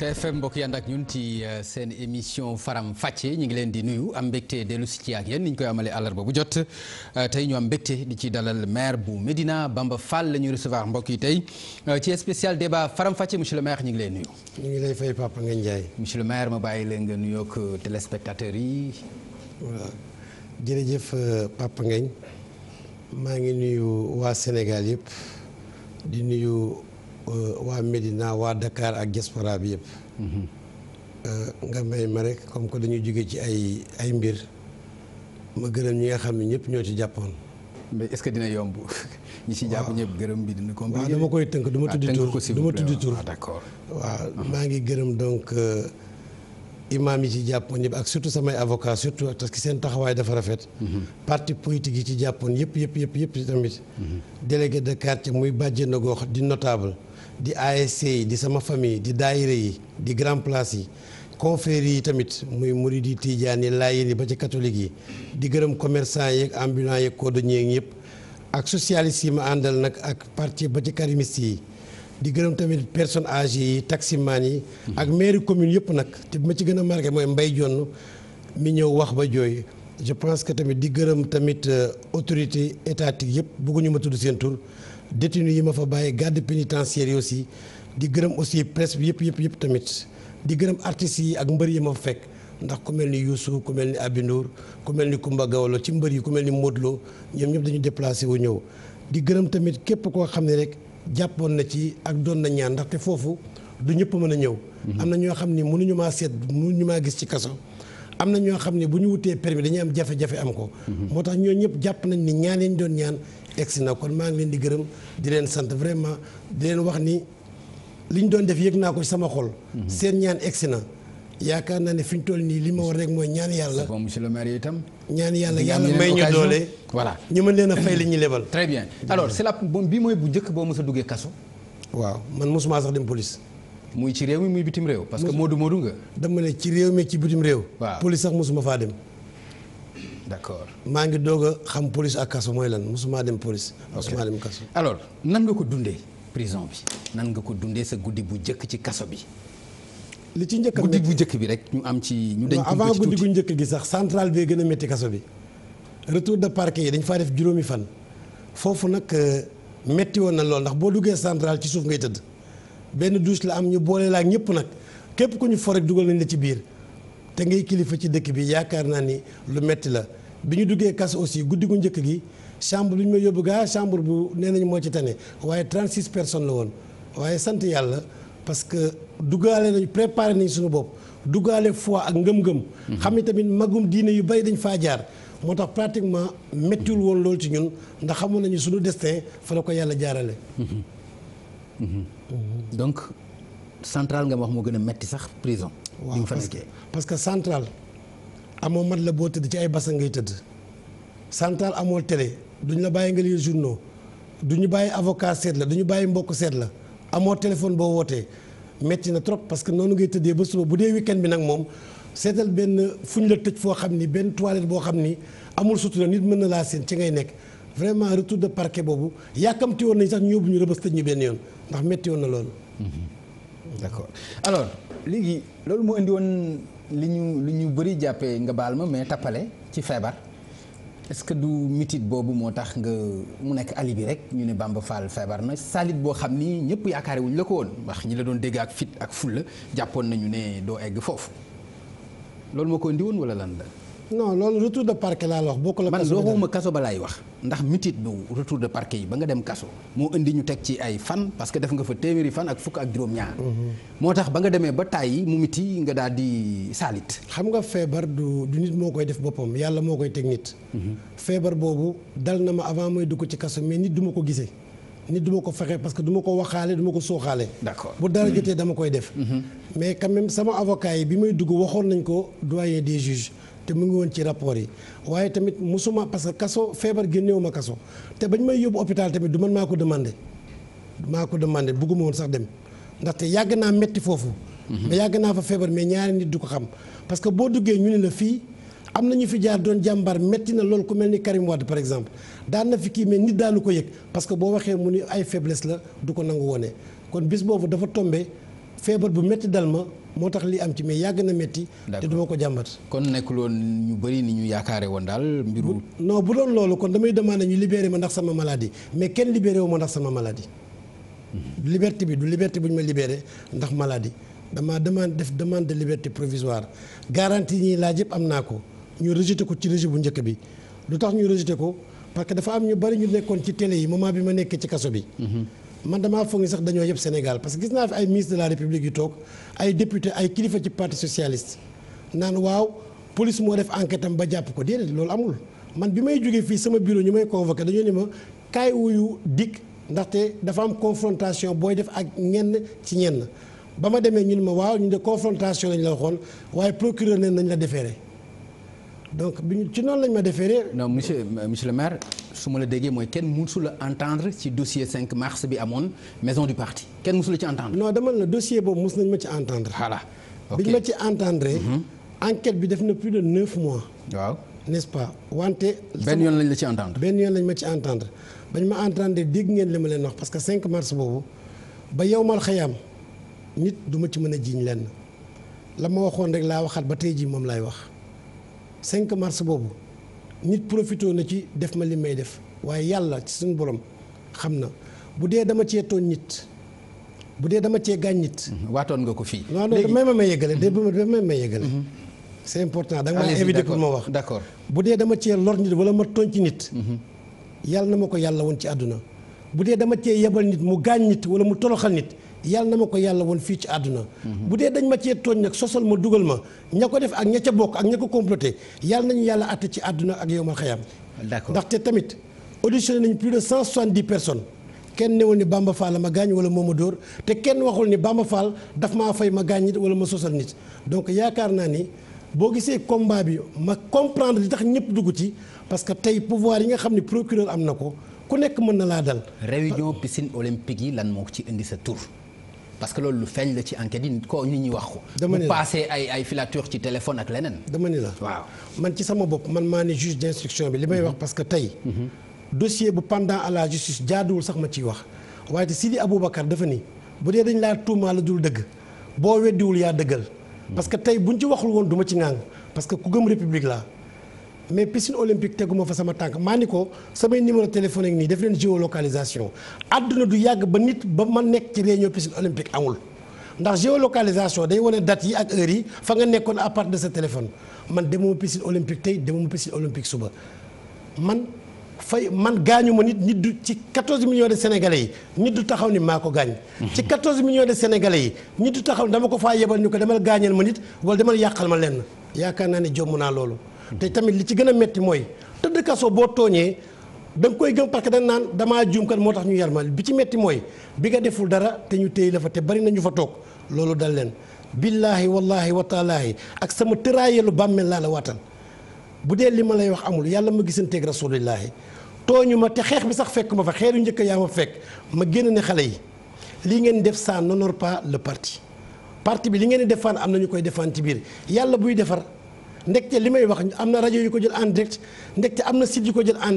te TFM mbokk yan ànd ñun ci euh, seen émission faram fàcce ñu ngi leen di nuyu am mbégte dellu si ci ak yéen ni ñu koy amalee àllarba bu jot euh, tey ñu am mbégte di ci dalal maire bu Médina Bamba Fall la ñuy recevoir mbokk yi tey euh, ci spécial débat faram fàcce monsieur le maire ñu ngi lay nuyu. ñu ngi lay fay Papa Ngagne Ndiaye. monsieur maire ma bàyyi leen nga nuyoog téléspectateurs yi. waaw jërëjëf Papa maa ngi nuyu waa Sénégal yëpp di nuyu. Euh, waa Médina waa Dakar ak diaspora bi yëpp. Mhm. Euh, nga may ma rek comme que dañu jóge ci ay ay mbir ma gërëm ñi nga xam ne ñëpp ñoo ci jàppoon. mais est-ce que yomb. ñi ci jàpp ñëpp gërëm bi dina compliqué. waaw dama koy tënk du ma ah, tuddi tur du ma tuddi tur ah, d'accord. Mhm. maa ngi gërëm donc euh, imaam yi ci jàppoon ñëpp ak surtout samay avocat surtout parce que seen taxawaay dafa rafet. Mhm. parti politique yi ci jàppoon yëpp yëpp yëpp yëpp tamit. délégué de quartier muy bàjjee na gox di notable. di ASC yi di sama famille di daayira yi di grand place yi confréries yi tamit muy murid yi tiijaan yi laayeen yi ba ci catholique yi di gërëm commerçant yeeg ambulant yeeg cordonnier yeeg yëpp ak socialiste yi ma àndal nag ak parti ba ci karimiste yi di gërëm tamit personnes âgées yi taximaan yi ak mairie commune yëpp nag te bi ma ci gën a marqué mooy mbay jonn mi ñëw wax ba jooy je pense que tamit di gërëm tamit euh, autorité étatique yëpp bëgguñu ma tudd seen tur détenu yi ma fa bàyyi garde pénitentiaire yi aussi di gërëm aussi presse bi yëpp yëpp yëpp tamit di gërëm artistes yi ak mbër yi ma fa fekk ndax ku mel ni Youssou ku mel ni Abindour ku mel ni Kumba Gawlo ci mbër yi ku mel ni Modou Lo ñoom ñëpp dañu déplacé wu ñëw di gërëm tamit képp koo xam ne rek jàppoon na ci ak doon na ñaan ndaxte foofu du ñëpp mën a ñëw mhm. am na ñoo xam ne mënuñu maa seet mënuñu maa gis ci kaso am na ñoo xam ne bu ñu wutee permis dañuy am jafe am ko mhm. moo tax ñoo ñëpp jàpp nañ ni ñaan lañ doon ñaan egsi na kon maa ngi leen di gërëm di leen sant vraiment di leen wax ni li ñu doon def yëg naa ko sama xol. Mhm. seen ñaan egsi na. yaakaar naa ne fi ñu toll nii li ma war rek mooy ñaan yàlla. bon monsieur le maire itam. ñaan yàlla yàlla may ñu doole. voilà ñu mën leen fay li ñu lebal. très bien alors c'est la bi mooy bu njëkk boo mos a duggee kaso. waaw man mosuma sax dem police. muy ci réew mi muy bitim réew. parce que Modou Modou nga. dama ne ci réew mi ci bitim réew. waaw police sax mosuma faa dem. d'accord maa ngi doog a xam police ak kaso mooy lan mosumaa dem police. mosumaa dem kaso. alors nan nga ko dundee prison bi nan nga ko dundee sa guddi bu njëkk ci kaso bi. li ci njëkk guddi bu njëkk bi rek ñu am ci ñu. dañ avant guddi gu njëkk gi sax centrale bee gën a métti kaso bi. retour de parquet yi dañ fa def juróomi fan foofu nag euh, metti woon na lool ndax boo duggee centrale ci suuf ngay tëdd benn douche la am ñu boole la ñëpp nag képp ku ñu for rek dugal nañ la ci biir te ngay kilifa ci dëkk bi yaakaar naa ni lu metti la. bi ñu duggee kaso aussi guddi gu njëkk gi chambre bi ñu may yóbbu gaa chambre bu nee nañ moo ci tane waaye 36 person la woon waaye sant yàlla parce que duggaale nañ préparer nañ suñu bopp duggaale fois ak ngëm-ngëm. xam ne tamit magum diine yu bari dañu faa jaar. moo tax pratiquement méttiwul woon loolu ci ñun ndax xamoon nañu suñu destin fa la ko yàlla jaarale. donc central nga wax moo gën a métti sax prison. waaw parce amoo mat la boo tëdd ci ay bassin ngay tëdd central amoo télé duñu la bàyyi nga lire journaux duñu bàyyi avocat seet la duñu bàyyi mbokk seet la amoo téléphone boo wootee metti na trop parce que noonu ngay tëddee ba suba bu dee weekend bi nag moom seetal benn fu ñu la tëj foo xam ni benn toilette boo xam ni amul sutura nit mën na laa seen ci ngay nekk vraiment retour de parquet boobu yàkkamti woon nañ sax ñu yóbbu ñu rëbës tëj ñu benn yoon ndax metti na loolu. Mhm. li ñu li ñu bëri jàppee nga baal ma mais tappale ci feebar est-ce que du mitit boobu moo tax nga mu nekk alibi rek ñu ne Bamba faal feebar na salit boo xam ni ñëpp yaakaare wuñ la ko woon wax ñi la doon dégg ak fit ak fulla jàppoon nañu ne doo egg foofu loolu moo ko indi woon wala lan la. no loolu retour de parquet laa la wax. bokkul ak kaso man waxuma kaso ba laay wax. ndax mitit bu retour de parquet yi ba nga dem kaso moo indi ñu teg ci ay fan parce que def nga fa téeméeri fan ak fukk ak juróom-ñaar. Mhm. moo tax ba nga demee ba tàyyi mu miti nga daal di saalit. xam nga feebar du du nit moo koy def boppam yàlla moo koy teg nit. Mhm. feebar boobu dal na ma avant mooy dugg ci kaso mais nit du ko gisee. nit du ma ko fexe parce que duma ko waxaale du ko sooxaale. d'accord bu dara mhm. jotee dama koy def. mais quand même sama avocat yi bi may dugg waxoon nañ ko doyen des juges. te mu ngi woon ci rapport yi waaye tamit musuma parce que kaso feebar génnewu ma kaso te bañ may yóbbu hôpital tamit du man maa ko demandé maa ko demandé bugguma woon sax dem ndaxte yàgg naa metti foofu mais mhm. yàgg naa fa feebar mais ñaari nit du ko xam parce que boo duggee ñu ne la fii am na ñu fi jaar doon jàmbar metti na lool ku mel ni Karim Wade par exemple daan na fi kii mel nit daanu ko yëg parce que boo waxee mu ni ay faiblesse la du ko nangu wone kon bis boobu dafa moo tax li am ci mais yàgg na métti. te du ma ko jàmbat. kon nekkuloon ñu bëri ni ñu yaakaare woon daal mbiru. non bu doon loolu kon damay demandé ñu libéré ma ndax sama maladie mais kenn libéré wu ma ndax sama maladie. liberté bi du liberté bu ñu ma libéré ndax maladie dama demande def demande de liberté provisoire garantie ñi laaj yëpp am naa ko ñu rejeté ko ci rejet bu njëkk bi lu tax ñu rejeté ko parce que dafa am ñu bëri ñu nekkoon ci télé yi moment bi ma nekkee ci kaso bi. Mhm. man damaa foog ni sax dañoo yëpp Sénégal parce que ay député ay kilifa ci parti socialiste naan waaw police moo def enquête am ba jàpp ko déedéet loolu amul man bi may jógee fii sama bureau ñu may convoqué dañu ne ma kaay yu dikk ndaxte dafa am confrontation booy def ak ñenn ci ñenn ba ma demee ñu ne ma waaw ñu de confrontation lañ la waxoon waaye procureur neen nañu la déféré donc bi ñu ci noonu lañ ma déféré. non monsieur euh, monsieur le maire su la déggee mooy kenn mësul a entendre ci dossier 5 mars bi amoon maison du parti kenn mësul la ci entendre. non demal la dossier boobu mës nañ ma ci entendre. voilà ok biñ ma mhm. bi def na plus de neuf mois. waaw pas wante. benn yoon lañ la ci entendre. benn yoon lañ ma ci entendre bañ ma entendre dégg ngeen li ma leen wax parce que 5 mars boobu ba yow mal xëyaam nit duma ci mën a jiiñ lenn la ma waxoon rek laa waxaat ba tey jii moom laay wax. cinq mars boobu nit profité na ci def ma li may def waaye yàlla ci suñu borom xam na bu dee dama cee tooñ nit bu dee dama cee gaañ nit. Mhm. waatoon nga ko fii. waaw non may ma may yëgale mhm. de may ma yëgale. Mhm. c'est important da nga ma invité pour ma wax. d'accord bu dee dama cee lor nit wala ma tooñ ci nit. yàlla na ma ko yàlla woon ci àdduna bu dee dama cee yebal nit mu gaañ nit wala mu toroxal nit. yàlla na ma ko yàlla woon fii ci àdduna bu dee dañ ma cee tooñ nag sosal ma dugal ma ña ko def ak ña ca bokk ak ña ko comploté yàlla nañu yàlla àtte ci àdduna ak yow ma xayam d'accord ndaxte tamit auditionné nañ plus de cent soixante di personnes kenn newul ni Bamba Fall ma gaañ wala moo ma dóor te kenn waxul ni Bamba Fall daf maa fay ma gaañ nit wala ma sosal nit donc yaakaar naa ni boo gisee combat bi ma comprendre li tax ñëpp dugg ci parce que tey pouvoir yi nga xam ne procureur am na ko ku nekk mën na laa dal réunion piscine olympique yi lan moo ko ci indi sa tur parce que loolu lu feeñ la ci enquête yi ko nit wax ko. dama ne la bu ay ay filature ci téléphone ak leneen. dama ne la waaw man ci sama bopp man maa ne juge d'instruction bi li may wax parce que tey. dossier bu pendant à la justice jaaduwul sax ma ciy wax waaye te Sidi Aboubacar dafa ni bu dee dañ laa tuumaa la dul dëgg boo weddiwul yaa dëggal. parce que tey buñ ci waxul woon du ma ci ŋàng parce que ku gëm république laa. mais piscine olympique teguma fa sama tànk maa ni ko samay numéro téléphone ak nii def leen géolocalisation àdduna du yàgg ba nit ba ma nekk ci réunion piscine olympique amul ndax géolocalisation day wane date yi ak heure yi fa nga nekkoon à part de sa téléphone man demuma piscine olympique tey demuma piscine olympique suba man fay man gaañu ma nit nit du ci 14 millions de sénégalais yi nit du taxaw ni maa ko gaañ. ci 14 millions de sénégalais yi nit du taxaw dama ko faa yebal ñu ko demal gaañal ma nit wala demal yàqal ma lenn yaakaar naa ne jomm naa loolu. te tamit li ci gën a métti mooy tëdd kaso boo tooñee da koy gëm parce que dañ naan dama juum kat moo tax ñu yar ma bi ci métti mooy bi nga deful dara te ñu téy la fa te bari na ñu fa toog loolu dal leen. billaahi wallaahi wataalaahi ak sama tëraayeelu bàmmeel laa la waatal bu dee li ma lay wax amul yàlla ma gisanteeg rasulillahi tooñu ma te xeex bi sax fekk ma fa xeeru njëkk yaa ma fekk ma génn ne xale yi lii ngeen def ça n'honore pas le parti parti bi li ngeen defaan am na ñu koy defaan ci biir yàlla buy defar. ndekte li may wax am na rajo yu ko jël en direct ndekte am na site yu ko jël en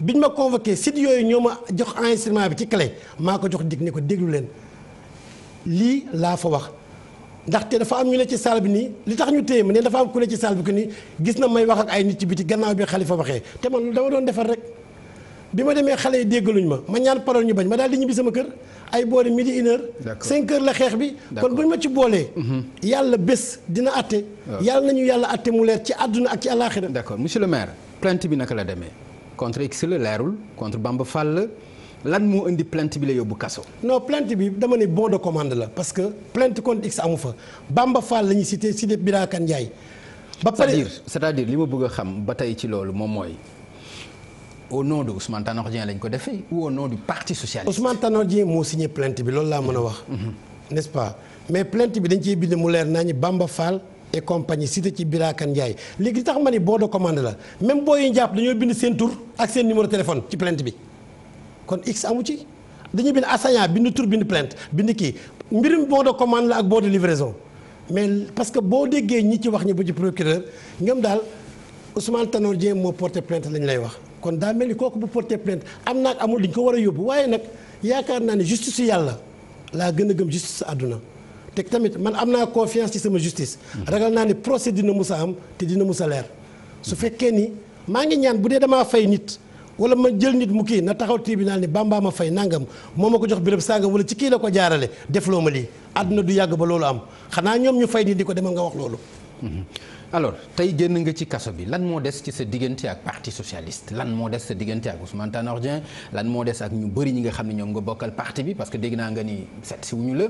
bi ñu ma convoqué sit yooyu ñoo ma jox enregistrement bi ci clé maa ko jox dig ne ko déglu leen lii laa fa wax. ndaxte dafa am ñu ne ci salle bi nii li tax ñu téye ma ne dafa am ku ne ci salle bi que nii gis na may wax ak ay nit ci biti gannaaw bi xalifa waxee te man dama doon defar rek. bi ma demee xale yi déggaluñ ma ma ñaan parole ñu bañ ma daal di ñibbi sama kër ay boole midi une heure. cinq heures la xeex bi. kon buñ ma ci boolee. Mhm. yàlla bés dina atte. yàlla nañu yàlla atte mu leer ci àdduna ak ci àllaaxira. d'accord monsieur le maire plainte bi naka la demee contre X la leerul contre Bamba Fall lan moo indi plainte bi la yóbbu kaso. non plainte bi dama ne bon de la parce que plainte contre X amu fa Bamba Fall la ñuy cité cité Birakan Ndiaye. ba pare c'est-à-dire li ma bëgg a xam ba tey ci loolu moom mooy. au nom de Ousmane Tanor Dieng lañ ko defee ou au nom du parti socialiste. moo signé plainte bi loolu laa mën a wax. Mhm. n'est-ce pas mais plainte bi dañ ciy bind mu leer naa ñi Bamba Fall et compagnie cité ci Birakan Ndiaye léegi li tax ma ni boo de commande la même boo yi dañoo bind seen tur ak seen numéro téléphone ci plainte bi kon x amu ci dañuy bind assaillant bind tur bind plainte bind kii mbirum boo de commande la ak boo de livraison mais parce que boo déggee ñi ci wax ñi bu ci procureur ñoom daal Ousmane Tanor Dieng moo porté plainte lañ lay wax. kon daa mel ni kooku bu porté plainte am naag amul dañ ko war a yóbbu waaye nag yaakaar naa ne justice yàlla laa gën a gëm justice àdduna te tamit man am naa confiance ci sama justice. ragal naa ne procès dina mus a am te dina musa leer. su fekkee ni maa ngi ñaan bu dee damaa fay nit wala ma jël nit mu kii na taxaw tribunal ni bambaa ma fay nangam moo ma ko jox béréb sàngam wala ci kii la ko jaarale defloo ma lii àdduna du yàgg ba loolu am xanaa ñoom ñu fay nit di ko demal nga wax loolu. Mm-hmm. alors tey génn nga ci kaso bi lan moo des ci sa diggante ak parti socialist lan moo des sa diggante ak Ousmane lan moo des ak ñu bëri ñi nga xam ne ñoom nga bokkal parti bi parce que dégg naa nga ni seet si la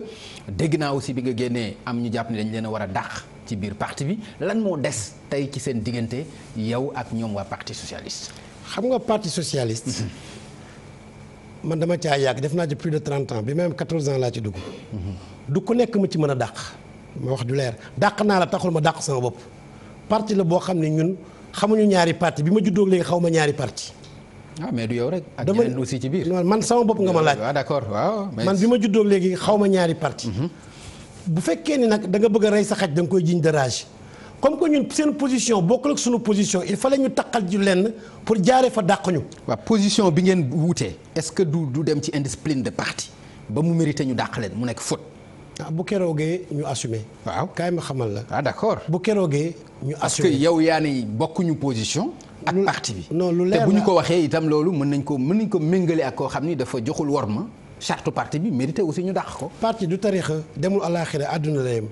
dégg naa aussi bi nga génnee am ñu jàpp ne dañ leen war a dàq ci biir parti bi lan moo des tey ci seen diggante yow ak ñoom waa parti socialiste. xam nga parti socialiste. Mhm. man dama caa yàgg def naa ci de trente ans même quatorze ans laa ci dugg. Mhm. du ko nekk mu ci mën a dàq. ma wax du leer dàq naa la taxul ma dàq sama bopp. parti la boo xam ne ñun xamuñu ñaari parti bi ma juddoo léegi xaw ma ñaari parti ah mais du yow rek ak ñeneen aussi ci biir man sama bopp nga ma laaj. waaw ah, d'accord waaw man bi ma juddoo léegi xaw ma ñaari parti mhm. bu fekkee ni nag da nga bëgg a rey sa xaj da nga koy jiñ darage rage comme que ñun seen position bokk ak sunu position il fallait ñu taqal ju lenn pour jaaree fa dàq ñu. waaw position bi ngeen wuutee est-ce que du du dem ci indiscipline de parti ba mu mérité ñu dàq leen mu nekk faute. ah bu keroogee ñu assumé. waaw kaay ma xamal la. ah d'accord bu keroogee ñu. assumé yow yaa ni bokkuñu position. ak parti bi. non lu te bu ñu ko waxee itam loolu mën nañ ko mën nañ ko méngale ak koo xam ni dafa joxul wor ma charte parti bi mérité aussi ñu dàq ko. parti du tarixa demul àllaaxira àdduna la yem.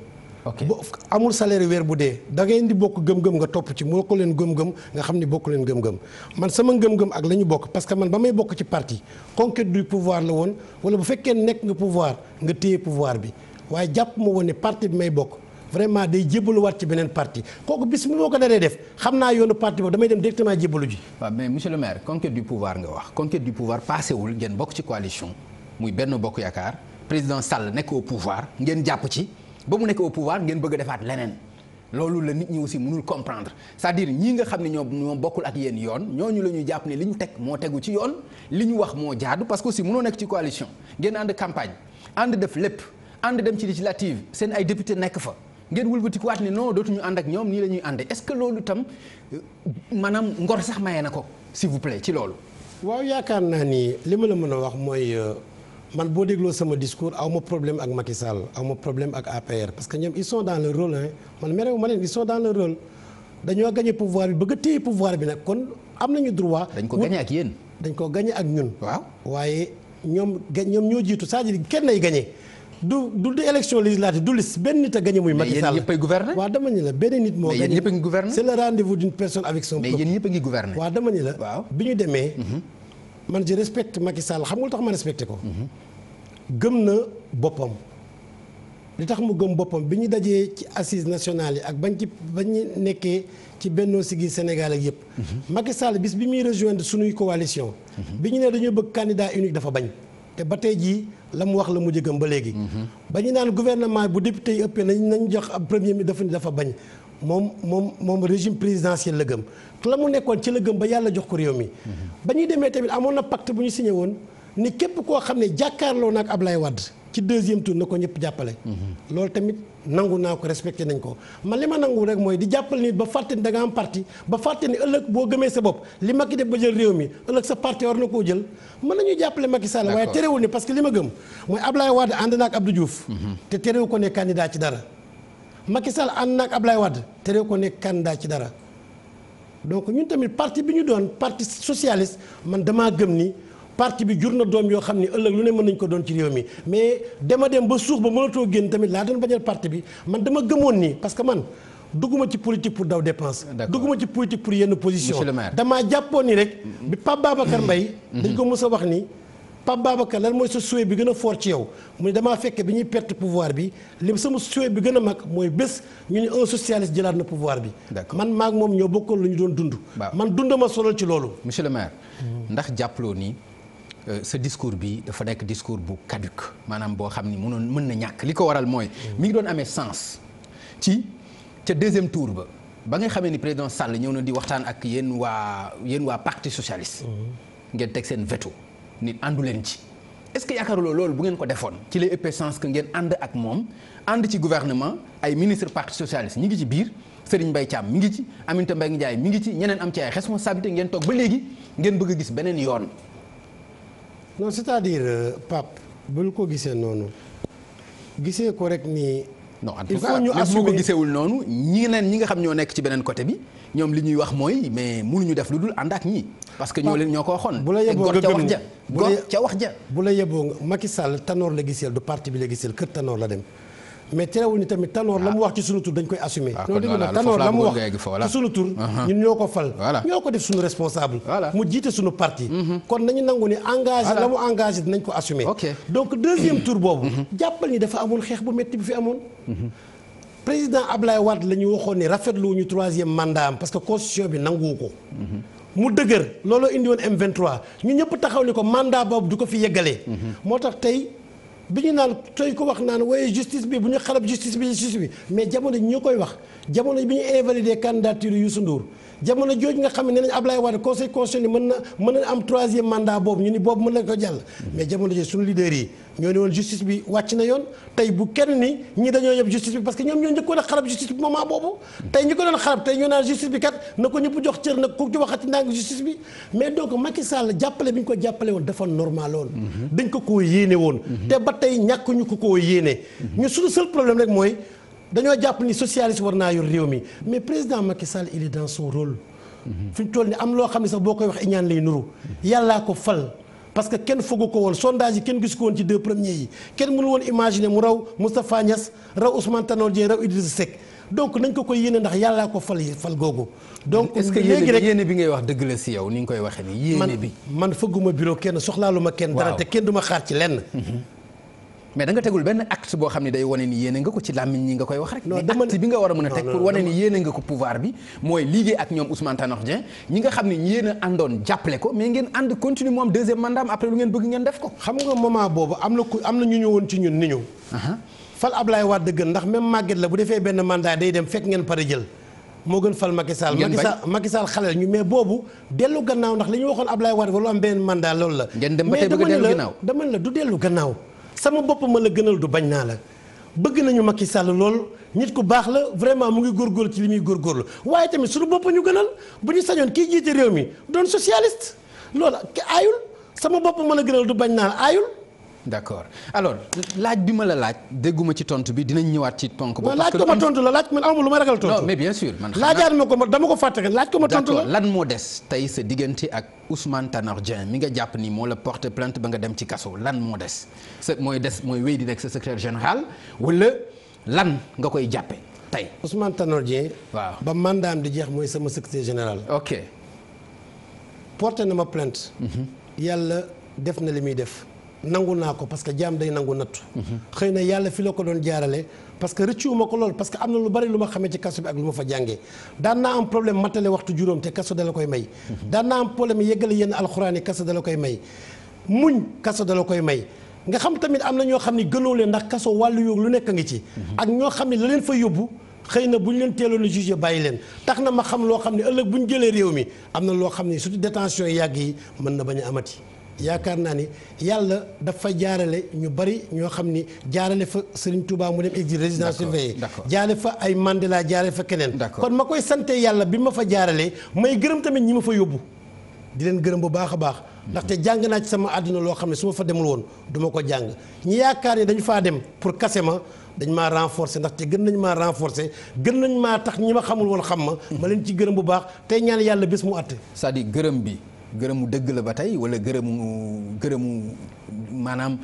ok bu amul salaire weer bu dee da ngeen di bokk gëm-gëm nga topp ci moo ko leen gëm-gëm nga xam ni bokk leen gëm-gëm man sama ngëm-gëm ak la ñu bokk parce que man ba may bokk ci parti conquête du pouvoir la woon wala bu fekkee nekk nga pouvoir nga téye bi waaye jàpp ma woon ne parti bi may bokk vraiment day jébbalu waat ci beneen parti kooku bis mi moo ko daree def xam naa yoonu parti boobu damay dem directement jébbalu ji. waaw mais monsieur le maire conquête du pouvoir nga wax conquête du pouvoir paasewul ngeen bokk ci coalition muy benn bokk yaakaar président Sall nekk au pouvoir ngeen jàpp ci ba mu nekk au ngeen bëgg defaat leneen. loolu la nit ñi aussi mënul comprendre sa à dire ñii nga xam ne ñoo ñoo bokkul ak yéen yoon ñooñu la ñuy jàpp ne li ñu teg moo tegu ci yoon li ñu wax moo jaadu parce que aussi mënoo nekk ci coalition ngeen ànd campagne ànd def lépp. ànd dem ci législative seen ay député nekk fa ngeen wëlbatikuwaat ne non dootuñu ànd ak ñoom nii la ñuy àndee que loolu itam euh, maanaam ngor sax maye na ko s'il ci loolu. waaw yaakaar naa ni li ma la mën a wax mooy euh, man boo dégloo sama discours aw ma problème ak Macky Sall ma problème ak APR parce que ñoom ils sont dans le rôle hein man merewu ma leen ils sont dans le rôle dañoo gagné pouvoir bi bëgg a téye pouvoir bi nag kon am nañu droit. dañ ko gagné ak yéen. dañ ko gagné ak ñun. waaw waaye ñoom ñoom ñoo jiitu cest à kenn lay gagné. du du du élection législative du liste benn nit a gagné muy Macky Sall mais ni la benn nit moo. mais yéen a ngi gouverner c'est le rendez-vous d'une personne avec son a ngi ni la bi ñu demee mhm. man je respecte Macky Sall xam nga lu tax ma respecté ko gëm na boppam li tax mu gëm boppam bi ñu dajee ci assises nationale yi ak bañ ci bañ nekkee ci Benno Siggil Sénégal ak yëpp. Mhm. Macky Sall bis bi muy rejoindre sunuy coalition. Mhm. bi ñu ne dañoo bëgg candidat unique dafa bañ. te ba tey jii la mu wax la mu jëgam ba léegi. Mhm. ba ñu naan gouvernement bu député yi ëppee nañ nañ jox ab premier mi dafa ni dafa bañ moom moom moom régime présidentiel la gëm te la mu nekkoon ci la gëm ba yàlla jox ko réew mi. Mhm. ba ñuy demee tamit amoon na pacte bu ñu signé woon ni képp koo xam ne jàkkaarloo na ab lay Wade. ci deuxième tour na ko ñëpp jàppale. Mhm. loolu tamit nangu naa ko respecté nañ ko man li ma nangu rek mooy di jàppal nit ba fàtte ni da am parti ba fàtte ni ëllëg boo gëmee sa bopp li Macky def ba jël réew mi ëllëg sa parti war na koo jël mën nañu jàppale Macky Sall. waaye terewul ni parce que li ma gëm mooy Ablaye Wade ànd na ak Abdou Diouf. Mhm. te terewu ko ne candidat ci dara. Macky Sall ànd na ak Ablaye Wade terewu ko ne candidat ci dara donc ñun tamit parti bi ñu doon parti man damaa gëm ni. parti bi jur na doom yoo xam ne ëllëg lu ne mën nañ ko doon ci réew mi mais dama dem ba suux ba mënatoo génn tamit laa doon bañal parti bi man dama gëmoon nii parce que man dugguma ci politique pour daw dépense. dugguma ci politique pour yenn position. damaa jàppoon ni rek. bi Pape Babacar mm-hmm. Mbaye mm-hmm. dañ ko mës a wax nii Pape Babacar lan mooy sa souhait bi gën a foor ci yow mu ne damaa fekke bi ñuy perte pouvoir bi li sama souhait bi gën a mag mooy bés ñu ne un socialiste jëlaat na pouvoir bi. man maag moom ñoo bokkoon lu ñu doon dund. man dund ma solo ci loolu. monsieur le maire. Mm. ndax jàppaloo nii. sa euh, discours bi dafa nekk discours bu caduc maanaam boo xam ni mënoon mën na ñàkk li ko waral mooy. mi ngi doon amee sens. ci ca deuxième tour ba ba nga xamee ni président Sall ñëw na di waxtaan ak yéen waa yéen waa parti socialiste. Mm-hmm. ngeen teg seen veto nit àndu leen ci. est-ce que loolu bu ngeen ko defoon ci lay ëppee sens que ngeen ànd ak moom ànd ci gouvernement ay ministre parti socialiste ñu ngi ci biir Serigne Mbaye Thiam mi ngi ci Aminata Mbengue Ndiaye mi ngi ci ñeneen am ci ay responsabilité ngeen toog ba léegi ngeen bëgg gis beneen yoon. non c'est-à-dire euh, pap bul ko gisee noonu gisee ko rek ni. non en tout cas même boo ko giseewul noonu ñi neen ñi nga xam ñoo nekk ci beneen côté bi ñoom li ñuy wax mooy mais ñu def lu dul ànd ak ñi. parce que ñoo leen ñoo ko waxoon. bu la yeboo nga gëm gor ca wax ja. bu la yeboo nga Macky Sall Tanor la giseel du parti bi la giseel kër Tanor la dem. mais terewul ni tamit Tanor la mu wax ci sunu tur dañ koy assumer ah, non dégg na Tanor la mu wax ci sunu tur uh-huh. ñun ñoo ko fal ñoo ko def sunu responsable mu jiite sunu parti mm-hmm. kon nañu nangu ni engagé la mu engagé dinañ ko assumer donc deuxième tour boobu mm-hmm. jàppal ni dafa amul xeex bu métti bu fi amoon mm-hmm. président Ablaye Wade la ñu waxoon ni rafetlu wu ñu troisième mandat am parce que constitution bi nanguwu ko mu dëgër looloo indi woon M23 ñu ñëpp taxaw ni ko mandat boobu du ko fi yeggalee moo tax tey bi ñu naan tey ko wax naan waaye justice bi bu ñu xarab justice bi justice bi mais jamono ji koy wax jamono bi ñu invalidé candidature Youssou Ndour jamono jooju nga xam ne ab nañu Ablaye Wade conseil ni mën na mën na am troisième mandat boobu ñu ni boobu mën nañ ko jàll. mais jamono jooju suñu leader yi ñoo ne woon justice bi wàcc na yoon tey bu kenn ni ñi dañoo yóbbu justice parce que ñoom ñoo njëkkoon a xarab justice bi moment ko doon xarab tey ñoo naan justice bi kat na ko ñëpp jox cër na ku ci waxati ndànk justice bi mais donc Macky Sall jàppale bi ñu ko jàppale woon dafa normal woon. Mhm. dañ ko koo yéene woon. Mhm. te ba tey ñàkk ñu ko koo yéene. Mhm. ñu suñu seul problème rek mooy dañoo jàpp ni socialiste war naa yor réew mi mais président Macky Sall il est dans son rôle. fi ñu ni am loo xam ne sax boo koy wax iñaan lay nuru. yàllaa ko fal. parce que kenn fogu ko woon sondage yi kenn gis ko woon ci deux premiers yi kenn mënu woon imaginer mu raw Moustapha Niass raw Ousmane Tanor Dieng raw Idrissa Seck donc nañ ko koy yéene ndax yàllaa ko fal fal googu. donc léegi rek yéene bi ngay wax dëgg la si yow ni nga koy waxee nii. yéene bi man man fëgguma kenn soxlaalu ma kenn dara te kenn du ma xaar ci lenn. mais da nga tegul benn acte boo xam ne day wane ni yéene nga ko ci làmmiñ ñi nga koy wax rek mais acte bi nga war a mën a teg pour wane ni yéene nga ko pouvoir bi mooy liggéey ak ñoom Ousmane Tanor Dieng ñi nga xam ne yéen a àndoon jàppale ko mais ngeen ànd continue moom deuxième mandat après lu ngeen bëgg ngeen def ko xam nga moment boobu am na ku am na ñu ñëwoon ci ñun ni ñu fal Ablaye Wade gën ndax même màgget la bu defee benn mandat day dem fekk ngeen pare jël moo gën fal Macky Sall Macky Sall Macky Sall xaleel boobu dellu gannaaw ndax li ñu waxoon Ablaye Wade wala am benn mandat loolu la mais dama ne la dama ne la sama boppam ma la gënal du bañ naa la bëgg nañu Macky Sall lool nit ku baax la vraiment mu ngi góor góorgóorlu ci li muy góorgóorlu waaye tamit suñu bopp ñu gënal bu ñu sañoon kii jiite réew mi doon socialist loolu aayul sama bopp ma la gënal du bañ naa la ayul. d'accord alors laaj bi ma la laaj dégguma ci tontu bi dinañ ñëwaat ci ponk boobu. parce que laaj ko ma tontu la laaj man amul lu may ragal tontu. non mais bien sûr man. laajaat ma laaj ko ma tontu la. lan moo des tey sa diggante ak Ousmane Tanor mi nga jàpp ni moo la porte plainte ba nga dem ci kaso lan moo des sa mooy des mooy wéy di nekk sa secrétaire général wala lan nga koy jàppee tey. Ousmane Tanor Dieng. waaw ba mandaam di jeex mooy sama secrétaire général. ok porté na ma plainte. Mhm. yàlla def na li muy def. nangu naa ko parce que jaam day nangu nattu xëy na yàlla fi la ko doon jaarale parce que rëccuwuma ko lool parce que am na lu bari lu ma xamee ci kaso bi ak lu ma fa jàngee daan naa am problème matale waxtu juróom te kaso dala koy may daan naa am problème yeggale yenn alxuraan yi kaso dala koy may muñ kaso dala koy may nga xam tamit am na ñoo xam ne gënoo leen ndax kaso wàll yoog lu nekk ngi ci ak ñoo xam ne la leen fa yóbbu xëy na bu ñu leen teeloon a bàyyi leen tax na ma xam loo xam ne ëllëg bu ñu jëlee réew mi am na loo xam ne surtout détention yàgg yi mën na bañ amati yaakaar naa ni yàlla dafa jaarale ñu bari ñoo xam ni jaarale fa Serigne Touba mu dem exil résidence surveillée jaarale fa ay Mandela jaarale fa keneen kon ma koy sante yàlla bi ma fa jaaralee may gërëm tamit ñi ma fa yóbbu di leen gërëm bu baax a baax ndaxte jàng naa ci sama àdduna loo xam ne su ma fa demul woon du ko jàng ñi yaakaar ne dañu faa dem pour kase ma dañ maa renforcer ndaxte gën nañ maa renforcer gën nañ maa tax ñi ma xamul woon xam ma ma leen ci gërëm bu baax tey ñaan yàlla bés mu àtte cest à gërëm bi gërëmu dëgg la ba tey wala gërëmu gërëmu maanaam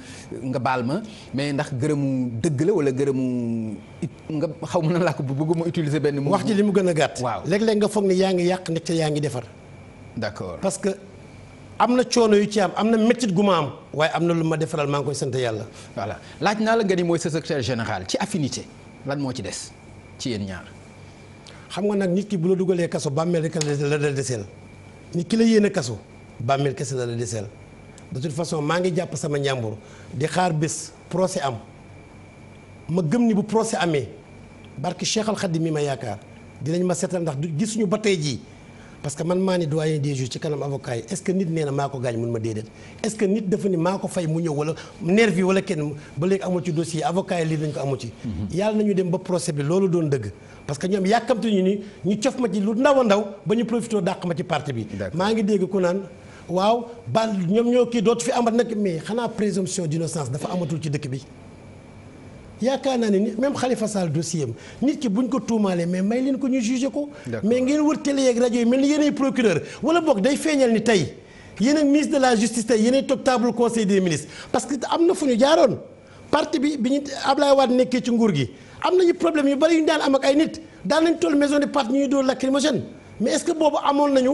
nga baal ma mais ndax gërëmu dëgg la wala gërëmu nga xaw ma nan laa ko bëgguma utiliser benn. mu wax ji li mu gën a gàtt. waaw léeg nga foog ne yaa ngi yàq ndekte yaa ngi defar. d'accord parce que am na coono yu ci am am na métit gu ma am. waaye am na lu ma defaral maa ngi koy sant yàlla. voilà laaj naa la nga ni mooy sa secrétaire général ci affinité lan moo ci des ci yéen ñaar. xam nga nag nit ki bu la dugalee kaso bàmmeel rek la deseel ni ki la yéene kaso bàmmeel kese la la deseel de toute façon maa ngi jàpp sama njàmbur di xaar bés procès am ma gëm ni bu procès amee barki Cheikh Al Khadim mi ma yaakaar dinañ ma seetal ndax du gisuñu ba tey jii parce que man maa ni doyen des juges ci kanam avocat yi est-ce que nit nee na maa ko gaañ mun ma déedéet est-ce que nit dafa ni maa ko fay mu ñëw wala nervi wala kenn ba léegi amul ci dossier avocat yi lii dañ ko amul ci. Mhm. yàlla nañu dem ba procès bi loolu doon dëgg. parce que ñoom yàkkamte ñu ni ñu cof ma ci lu ndaw a ndaw ba ñu profité dàq ma ci parti bi maa ngi dégg ku naan waaw bal ñoom ñoo kii dootu fi amat nag mais xanaa présomption d'innocence dafa amatul ci dëkk bi yaakaar naa ne ni même Khalifa Sall dossier am nit ki bu buñ ko tuumaalee mais may leen ko ñu jugé ko mais ngeen wër télé yeeg rajo yi mel ni yéenay procureur wala boog day feeñal ni tey yeneen ministre de la justice tey yeneen toog table conseil des ministres parce que am na fu ñu jaaroon parti bi bi ñu Ablaye Wade nekkee ci nguur gi am nañu problème yu bari yu ñu daan am ak ay nit daan nañ toll maison de parti ñu dóor lacrymogène mais est-ce que boobu amoon nañu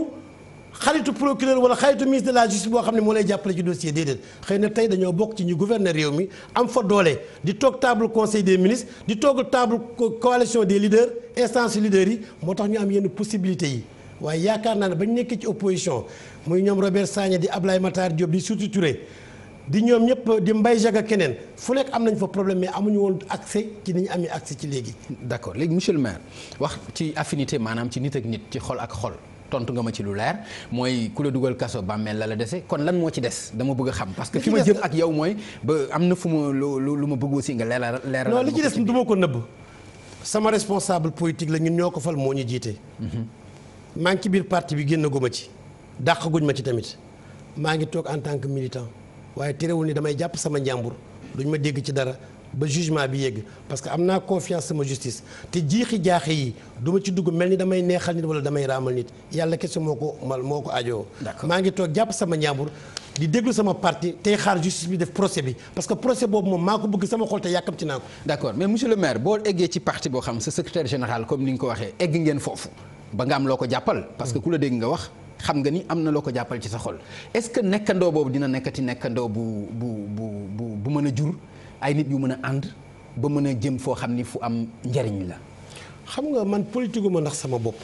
xaritu procureur wala xaritu ministre de la justice boo xam ne moo lay jàppale ci dossier déedéet xëy na tey dañoo bokk ci ñu gouverner réew mi am fa doole di toog table conseil des ministres di toog table coalition des leaders instance leaders yi moo tax ñu am yenn possibilités yi waaye yaakaar naa ne bañ nekkee ci opposition muy ñoom Robert Sagna di Ablaye Matar Diop di Sékou Touré di ñoom ñëpp di mbay jag keneen fu nekk am nañ fa problème mais amuñu woon accès ci ni ñu amee accès ci léegi. d'accord léegi monsieur le maire wax ci affinité maanaam ci nit ak nit ci xol ak xol. tontu nga ma ci lu leer mooy ku la dugal kaso bàmmeel la la dese kon lan moo ci des dama bëgg xam parce que fi ma jëm ak yow mooy ba am na fu ma lu lu ma bëgg si nga leeral leeral non li ci des du ma ko nëbb sama responsable politique la ñun ñoo ko fal moo ñu jiite mhm. maa ngi ci biir parti bi génn guma ci dàq ma ci tamit maa ngi toog en tant que militant waaye terewul ni damay jàpp sama njàmbur duñ ma dégg ci dara ba jugement bi yegg parce que am naa confiance sama justice te jiixi jaaxe yi du ma ci dugg mel ni damay neexal nit wala damay raamal nit yàlla kese moo ko mal moo ko ajoo maa ngi toog jàpp sama njàmbur di déglu sama parti tey xaar justice bi def procès bi parce que procès boobu moom maa ko bëgg sama xol te yàkkamti naa ko d'accord mais monsieur le maire boo eggee ci parti boo xam waxee egg ngeen foofu ba am loo ko jàppal parce que ku la dégg nga wax xam nga ni am na loo ko jàppal ci sa xol est-ce que nekkandoo boobu dina nekkati nekkandoo bu bu bu bu bu mën a jur ay nit yu mën a ànd ba mën a jëm foo xam ni fu am njariñ la. xam nga man politique ma ndax sama bopp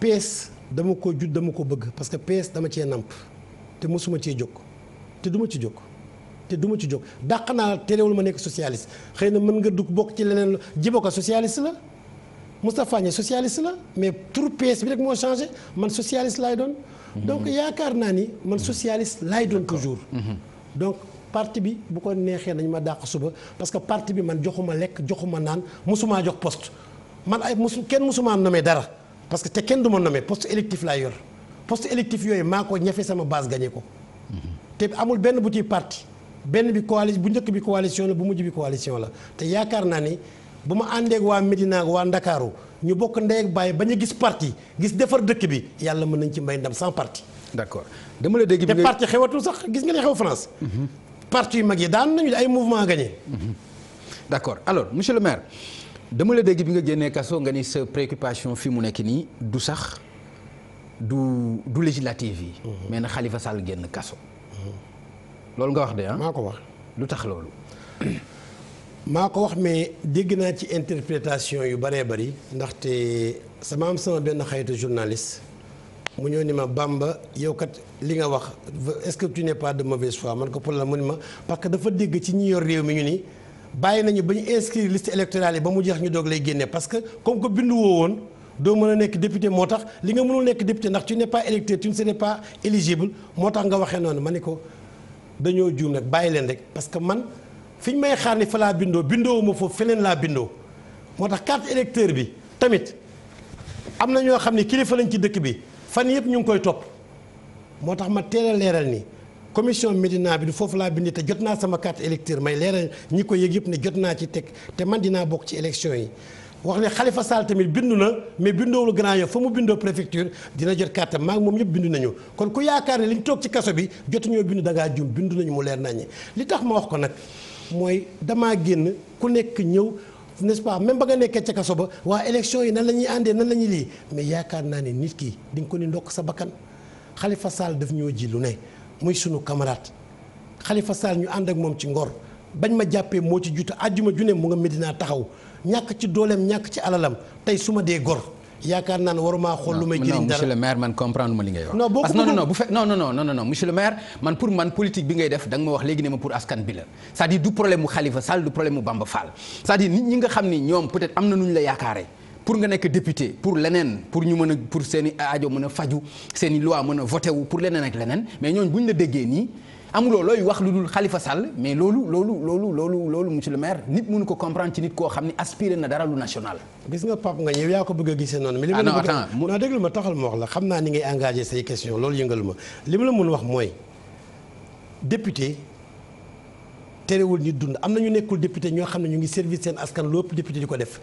PS dama ko jud dama ko bëgg parce que PS dama cee namp te mosuma cee jóg te duma ci jóg. te duma ci jóg dàq naa terewul ma nekk socialiste xëy na mën nga dugg bokk ci leneen jibo ko socialiste la. Moustapha Niasse socialiste la mais tur PS bi rek moo changé man socialiste laay doon. donc mhm. yaakaar naa ni man mhm. socialiste laay doon toujours. Mhm. donc parti bi bu ko neexee nañ ma dàq suba parce que parti bi man joxuma lekk joxuma naan mosumaa jox post man ay mosu kenn mosumaa nommé dara parce que te kenn du ma nommé poste électif laay yor poste électif yooyu maa ko ñafe sama base gagné ko. te amul benn bu ci parti benn bi coalition bu njëkk bi coalition la bu mujj bi coalition la te yaakaar naa ni. bu ma àndeek waa Médina ak waa Ndakaaru ñu bokk ndey ak baay bañ a gis parti gis defar dëkk bi yàlla mën nañ ci mbay ndam sans parti. d'accord dama la dégg. te parti xewatul sax gis nga li xew France. Mhm. parti yu mag yi daan nañu ay mouvement gagné. Mhm. d'accord alors monsieur dama la dégg bi nga génnee kaso nga ni sa préoccupation fi mu nekk nii du sax du du législative yi. Mhm. mais na xalifa Sall génn kaso. loolu nga wax de ah. maa ko wax lu tax loolu. maa ko wax mais dégg naa ci interprétation yu bëree bëri ndaxte sama am sama benn xaytu journaliste mu ñoo ni ma Bamba yow kat li nga wax est-ce que tu n'es de mauvaise foi man ko pour la mu ni ma parce que dafa dégg ci ñi yor réew mi ñu ni bàyyi nañu ba ñu inscrire liste électorale yi ba mu jeex ñu doog lay génne parce que comme que bindu woo woon doo mën a nekk député moo tax li nga mënul nekk député ndax tu n'es pas électeur tu ne serais pas éligible moo tax nga waxee noonu ma ni ko dañoo juum nag bàyyi leen rek parce que man. fi ñu may xaar ni fa laa bindoo bindoo ma foofu feneen laa bindoo moo tax carte électeur bi tamit am na ñoo xam ne kilifa lañ ci dëkk bi fan yëpp ñu ngi koy topp moo tax ma teel a leeral ni commission Médina bi du foofu laa bindi te jot naa sama carte électeur may leeral ñi ko yëg yëpp ne jot naa ci teg te man dinaa bokk ci élection yi wax ne xalifa Sall tamit bindu na mais bindoowul Grand Yoff fa mu bindoo préfecture dina jot carte maak moom yëpp bindu nañu kon ku yaakaar ne li ñu toog ci kaso bi jotuñoo bindu da ngaa juum bindu mu leer naññi li tax ma wax ko nag mooy damaa génn ku nekk ñëw n'est-ce pas même ba nga nekkee ca kaso ba waa élection yi nan la ñuy àndee nan la ñuy lii mais yaakaar naa ne nit kii di nga ko ni ndokk sa bakkan xalifa Sall daf ñoo ji lu ne muy sunu camarade Khalifa Sall ñu ànd ak moom ci ngor bañ ma jàppee moo ci juta àjjuma ju ne mu nga Medina taxaw ñàkk ci dooleem ñàkk ci alalam tey su ma dee gor. yaakaar naan ne waruma xool lu may jëriñ dara non monsieur le maire monsieur le maire man pour man politique bi ngay def da nga ma wax léegi ne ma pour askan bi la c'est-à-dire du problème mu Khalifa Sall du ñi nga xam ni ñoom peut-être am na nu ñu la yaakaaree. pour nga nekk député pour leneen pour ñu mën a pour seen i aajo mën a faju seen i loi mën a voté pour leneen ak leneen mais ñooñu bu ñu la déggee nii amuloo looy wax lu dul Khalifa Sall mais loolu loolu loolu loolu loolu monsieur le maire nit mënu ko comprendre ci nit koo xam ne aspiré na dara lu national. gis nga Pape nga yow yaa ko bëgg gisee noonu. mais li ma ah la bëgg a non déglu ma taxal ma wax la xam naa ni ngay engagé say question loolu yëngal ma li ma la mën wax mooy député terewul ñu dund am na ñu nekkul député ñoo xam ne ñu ngi service seen askan lépp député di ko def.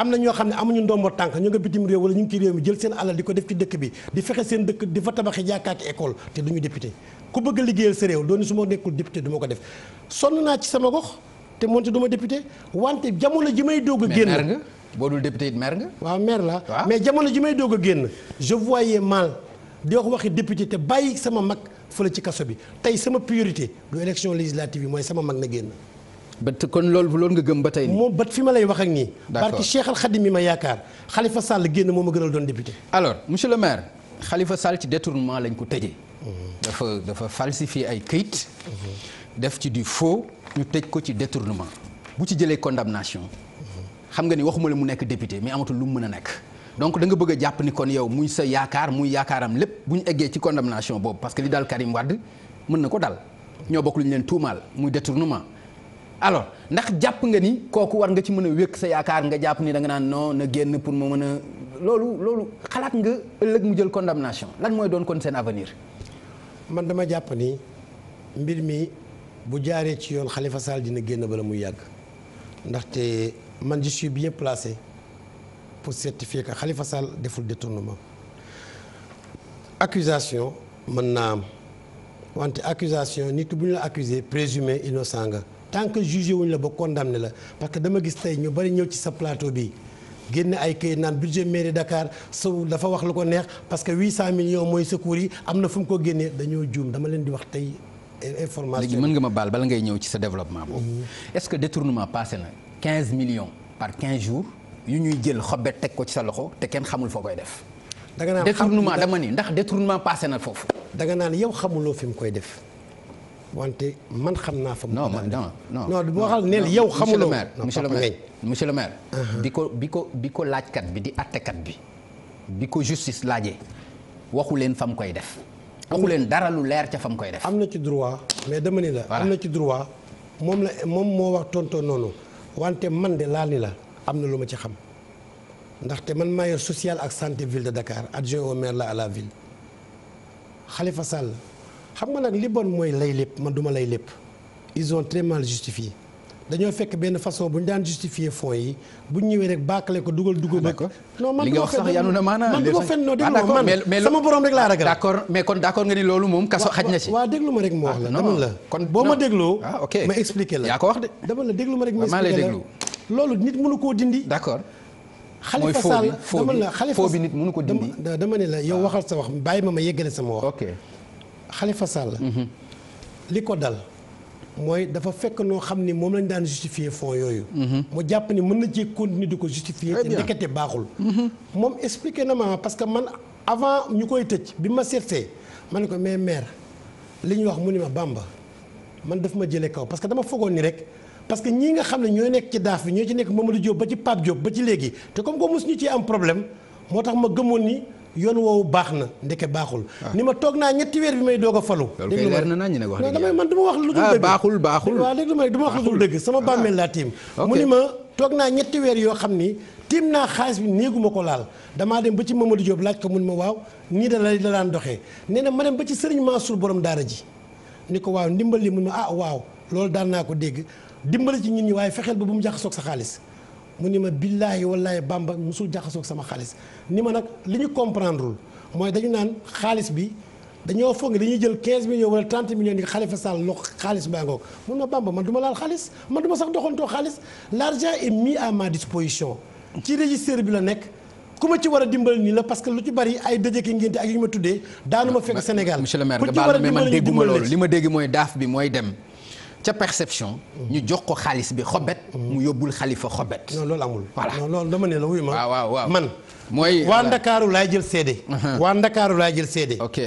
am na ñoo xam ne amuñu ndombo tànk ñu nga bitim réew wala ñu ngi ci réew mi jël seen alal di ko def ci dëkk bi di fexe seen dëkk di fa tabaxi jàkka ak école te du ñu député ku bëgg a liggéeyal sa réew dooni su ma nekkul député du ma ko def sonn naa ci sama gox te moonte du ma député wante jamono ji may doog a génn boo dul député it maire nga. waaw maire la mais jamono ji may doog a génn je voyais mal di wax waxi député te bàyyi sama mag fële ci kaso bi tey sama priorité du élection législative yi mooy sama mag na génn ba kon loolu loolu nga gëm ba tey. moom bët fi ma lay wax ak nii. d'accord parce que mi ma yaakaar Khalifa Sall génn moo ma gënal doon député. alors monsieur le maire Khalifa Sall ci détournement lañ ko tëjee. dafa dafa falsifier ay këyit. def ci di faux ñu tëj ko ci détournement bu ci jëlee condamnation. xam nga ni waxuma la mu nekk député mais amatul lu mu mën a nekk. donc danga nga bëgg a jàpp ni kon yow muy sa yaakaar muy yaakaaram lépp bu ñu eggee ci condamnation boobu parce que li daal Karim mën na ko dal. ñoo bokk lu leen tuumaal muy détournement alors ndax jàpp nga ni kooku war nga ci mën a wékk sa yaakaar nga jàpp ni danga naan non na génn pour mu mën a loolu loolu xalaat nga ëllëg mu jël condamnation lan mooy doon kon seen avenir. man dama jàpp ni mbir mi bu jaaree ci yoon xalifa Sall dina génn bala muy yàgg ndaxte man je suis bien placé pour certifier que xalifa Sall deful détournement accusation mën naa am wante accusation nit bu ñu la accusé présumé innocent nga tant que jugé wuñ la ba condamné la parce que dama gis tey ñu bari ñëw ci sa plateau bi génn ay këyit naan budget mairie Dakar sow dafa wax lu ko neex parce que cent millions mooy secours yi am na fu mu ko génnee dañoo juum dama leen di wax tey information. léegi mën nga ma baal bala ngay ñëw ci sa développement boobu. Mhm. est-ce que détournement passé na 15 millions par 15 jours yu ñuy jël xobet teg ko ci sa loxo te kenn xamul foo koy def. danga naan détournement dama ni ndax détournement passé na foofu. danga naan yow xamuloo fi mu koy def. wante man xam naa fa. non man non non non boo xam ne yow. xamuloo monsieur le maire monsieur le maire. Ah, ah. bi ko bi ko bi ko laajkat bi di attekat bi. bi ko justice laajee waxu leen fam koy def. waxu leen dara lu leer ca fam koy def. am na ci droit mais dema ni la. am na ci droit moom la moom moo wax tonton noonu wante man de laa ni la am na lu ma ci xam ndaxte man maire social ak santé ville de Dakar adjoint au maire la à la ville Khalifa Sall. xam nga nag li bon mooy lay lépp man duma lay lépp ils ont très mal justifié dañoo fekk benn façon bu ñu daan justifier fonds yi bu ñu ñëwee rek bàkkale ko dugal dugal. ah non man li nga wax sax yanu na maanaam. man du ah, ma fenn ma man sama borom laa ragal. d' mais kon d' accord nga ni loolu moom kaso xaj na si. waaw ma rek la ah, dama la. kon boo ma dégloo. ah ok ma expliqué la yaa ko wax de. dama déglu ma rek ma expliqué la loolu nit mënu koo dindi. d' accord mooy foo bi foo bi nit mënu ko dindi. dama ne la yow ah. waxal sa wax bàyyi ma ma yeggale sama wax. ok Khalifa Sall. Mhm. li ko dal mooy dafa fekk noo xam ni moom lañ daan justifier fonds yooyu. Mhm. mu jàpp ni mën na cee continuer di ko justifier. te ndekete baaxul. Mhm. moom expliqué na ma parce que man avant ñu koy tëj bi ma seetee ma ne ko mais maire li ñu wax mu ni ma Bamba man daf ma jëlee kaw parce que dama fogoon ni rek. parce que ñii nga xam ne ñooy nekk ci daaf bi ñoo ci nekk Mamadou Diop ba ci Pape Diop ba ci léegi te comme que mosuñu ci am problème moo tax ma gëmoon yoon woowu baax na ndeke baaxul. Ah. ni ma toog naa ñetti weer bi may doog a falu. déglu ma non damay man du ma wax lu dul ah, dëgg. baaxul baaxul waaw déglu ma du ma wax lu sama ah. bàmmeel laa tiim. mu ni ma toog naa ñetti weer yoo xam ni tiim naa xaalis bi néeguma ko laal damaa dem ba ci Mamadou Diop laaj ko mun ma waaw ñii da la daan doxee nee na ma dem ba ci Serigne Mansour borom daara ji ni ko waaw ndimbal li mun ma ah waaw loolu daan naa ko dégg dimbali ci ñun ñi waaye fexeel ba bu mu soog sa xaalis mu ni ma billaahi wallaahi bamba musul jaxasoog sama xaalis ni ma nag li ñu comprendrewul mooy dañu naan xaalis bi dañoo foog ne dañuy jël 15 millions wala 30 millions yi Khalifa Sall lo xaalis baa ngoog mun ma bamba man du ma laal xaalis man du sax doxantoo xaalis l'argent est mis à ma disposition ci registre bi la nekk ku ma ci war a dimbali nii la parce que lu ci bari ay dëjëk ngénte ak yu ma tuddee daanu ma fekk Sénégal monsieur le maire nga baal li ma dégg mooy daaf bi mooy dem ca perception. ñu jox ko xaalis bi xobet. mu yóbbul xalifa xobet. non loolu amul. voilà loolu dama ne la wuyu ma. waaw waaw man. mooy waa Ndakaaru laay jël seede. Uh-huh. waa Ndakaaru laay jël seede. ok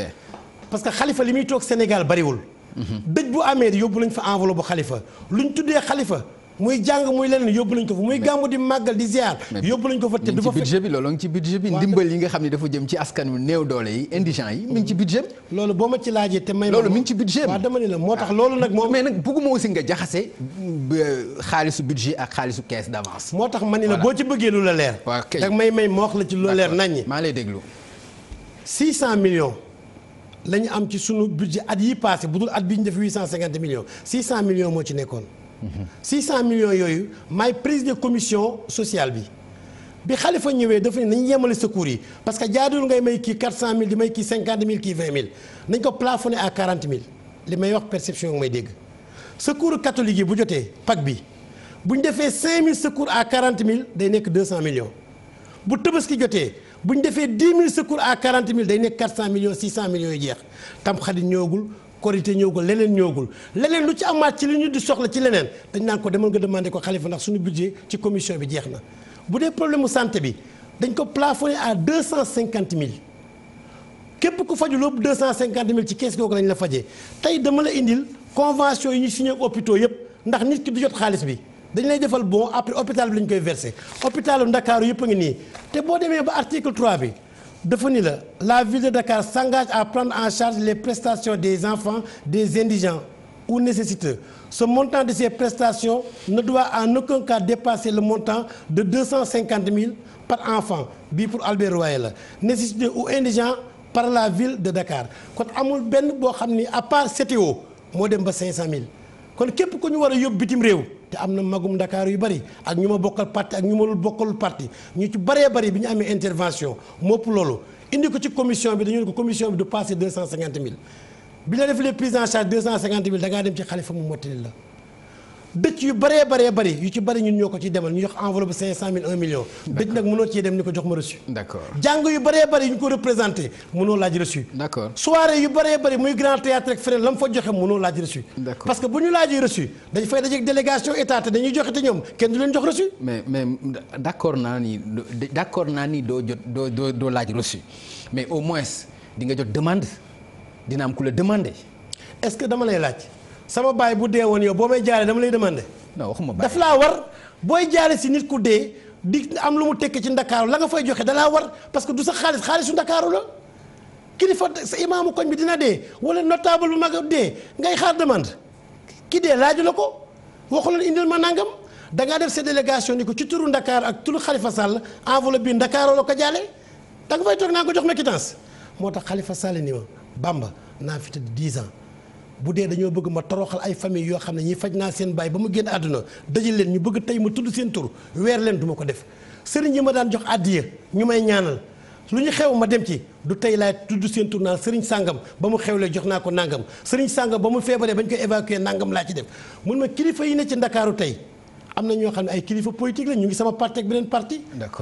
parce que xalifa li muy toog Sénégal bariwul. Uh-huh. dëj bu amee yóbbu lañ fa enveloppe xalifa lu luñ tuddee xalifa. muy jàng muy leneen yóbbu lañ ko fa muy gàmmu di màggal di ziar. yóbbu lañ ko fa te du fa fekk budget bi loolu ngi ci budget bi ndimbal yi nga xam ne dafa jëm ci askan wi néew doole yi indigent yi mi ngi ci budget bi loolu boo ma ci laajee te may loolu mi ngi ci budget bi waaw dama ne la moo tax loolu nag moom mais nag bëgguma aussi nga jaxase mm, xaalisu budget ak xaalisu caisse d'avance moo tax ma ne la boo ci bëggee lu la leer dag may may ma wax la ci lu la leer naññi maa lay déglu 600 millions la ñu am ci sunu budget at yi passé bu dul at bi ñu def 850 millions 600 millions moo ci nekkoon 600 millions yooyu maay président commission sociale bi bi Khalifa ñëwee dafa ne nañu yemale secours yi parce que jaadul ngay may kii 400000 di may kii 50000 kii 20000 nañ ko plafonné à 40000 li may wax perception may dégg secours catholique yi bu jotee PAK bi bu ñu defee 5000 secours à 40000 day nekk 200 millions bu Tabaski jotee. bu ñu defee 10 000 secours à 40 000 day nekk 400 millions 600 millions yu jeex tam xarit ñëwagul korité ñëwagul leneen ñëwagul leneen lu ci amaat ci li ñu di soxla ci leneen dañ naan ko demal nga demandé ko xalifa ndax suñu budget ci commission bi jeex na bu dee problème mu santé bi dañ ko plafonné à deux cent cinquante mille képp ku faju loobu deux cent cinquante mille ci kees googu lañ la fajee tey dama la indil convention yi ñu signé ak hôpitaux yëpp ndax nit ki du jot xaalis bi dañ lay defal bon après hôpital bi lañ koy versé hôpitalu Ndakaaru yëpp a ngi nii te boo demee ba article 3 bi dafa ni la la ville de Dakar s'engage à prendre en charge les prestations des enfants des indigents ou nécessiteux ce montant de ces prestations ne doit en aucun cas dépasser le montant de 250 000 par enfant bi pour Albert Royer la nécessiteux ou indigent par la ville de Dakar kon amul benn boo xam ni à part CTO moo dem ba 500 000 kon képp ku ñu war a yóbbu bitim réew te am na magum Dakar yu bari ak ñu ma bokkal parti ak ñu ma bokkal parti ñu ci baree bari bi ñu amee intervention mopp loolu indi ko ci commission bi dañu ne ko commission bi du passé deux cent cinquante mille bi la def les prises en charge deux cent cinquante mille da dem ci xalifa mu mottali la dëkk yu bëree baree bari yu ci bari ñun ñoo ko ci demal ñu jox enveloppe cinq cent mille un million dëkk nag mënoo cee dem ni ko jox ma reçu d'accord jàng yu bëree bëri yu ñu ko représenté mënoo laaj reçu d'accord soirée yu bëree bëri muy grand théâtre ak feneen la mu fa joxe mënoo laaj reçu parce que bu ñu laajee reçu dañ fay dajeeg délégation état te dañuy joxe te ñoom kenn du leen jox reçu mais mais d'accord naa ni d'accord naa ni doo jot doo doo doo laaj reçu mais au moins di nga jot demande dina am ku la demandé est-ce que dama lay laaj sama baay bu dee woon yow boo may jaale dama lay demande non waxuma baay daf laa war booy jaale si nit ku dee di am lu mu tekki ci ndakaaru la nga fay joxe dalaa war parce que du sa xaalis xaalisu ndakaaru la. kilifa sa imaamu koñ bi dina dee wala notable bu mag dee ngay xaar demande ki dee laaju la ko waxuloon indil ma nangam da ngaa def sa délégation ni ko ci turu ndakaar ak turu xalifa Sall enveloppe bi Ndakaaroo la ko jaale da fay toog naa ko jox ma quittance moo tax Khalifa Sall ni ma Bamba naa bu dee dañoo bëgg ma toroxal ay famille yoo xam ne ñi faj naa seen baay ba mu génn àdduna dajal leen ñu bëgg tey ma tudd seen tur weer leen du ma ko def sëriñ yi ma daan jox àddiya ñu may ñaanal lu ñu xew ma dem ci du tey laay tudd seen tur naan sëriñ sàngam ba mu xewle jox naa ko nàngam sëriñ sàngam ba mu feebaree ba ñu koy évacuer nàngam laa ci def mun ma kilifa yi ne ci ndakaaru tey am na ñoo xam ne ay kilifa politique la ñu ngi sama parti ak beneen parti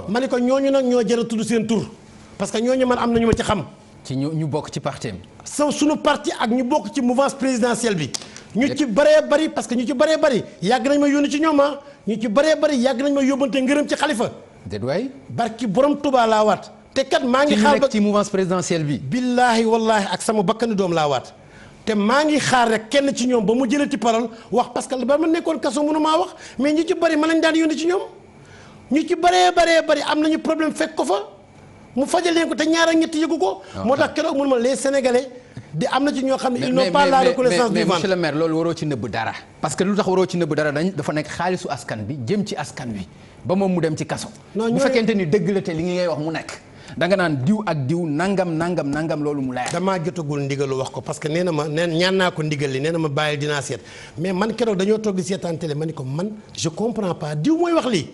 ma ne ko ñooñu nag ñoo jëra tudd seen que ñooñu man am nañu ma ci xam ci ñu ñu bokk ci parti saw suñu parti ak ñu bokk ci mouvance présidentielle bi. ñu ci bëree bari parce que ñu ci baree bari yàgg nañ ma yónni ci ñoom ah. ñu ci bëree yàgg nañ ma yóbbante ngërëm ci xalifa. déet waay barki borom Touba laa waat. te kat maa ngi xaar ba ci mouvance présidentielle bi. billaahi wallaahi ak sama bakkani doom laa waat. te maa ngi xaar rek kenn ci ñoom ba mu jëlati parole wax parce que ba ma nekkoon kaso mënu maa wax mais ñu ci bëri ma lañ daan yónni ci ñoom. ñu ci bëree baree bari am nañu problème fekk ko fa. mu fajal leen ko te ñaar ak ñett yëgu ko. Ah. moo tax keroog mun ma les sénégalais. di am na ci ñoo xam ne ils n'ont pas la reconnaissance loolu waroo ci nëbb dara. parce que lu tax waroo ci nëbb dara dañ dafa nekk xaalisu askan bi jëm ci askan wi ba moom mu dem ci kaso. bu fekkente ni dëgg la te li ngay wax mu nekk. danga naan diw ak diw nangam nangam nangam loolu mu laaj. damaa jotagul ndigalu ko parce que nee na ma nee ñaan naa ko ndigal li nee na ma bàyyil dinaa seet mais man keroog dañoo toog di seetaan télé ma ni ko man je comprends pas diw mooy wax lii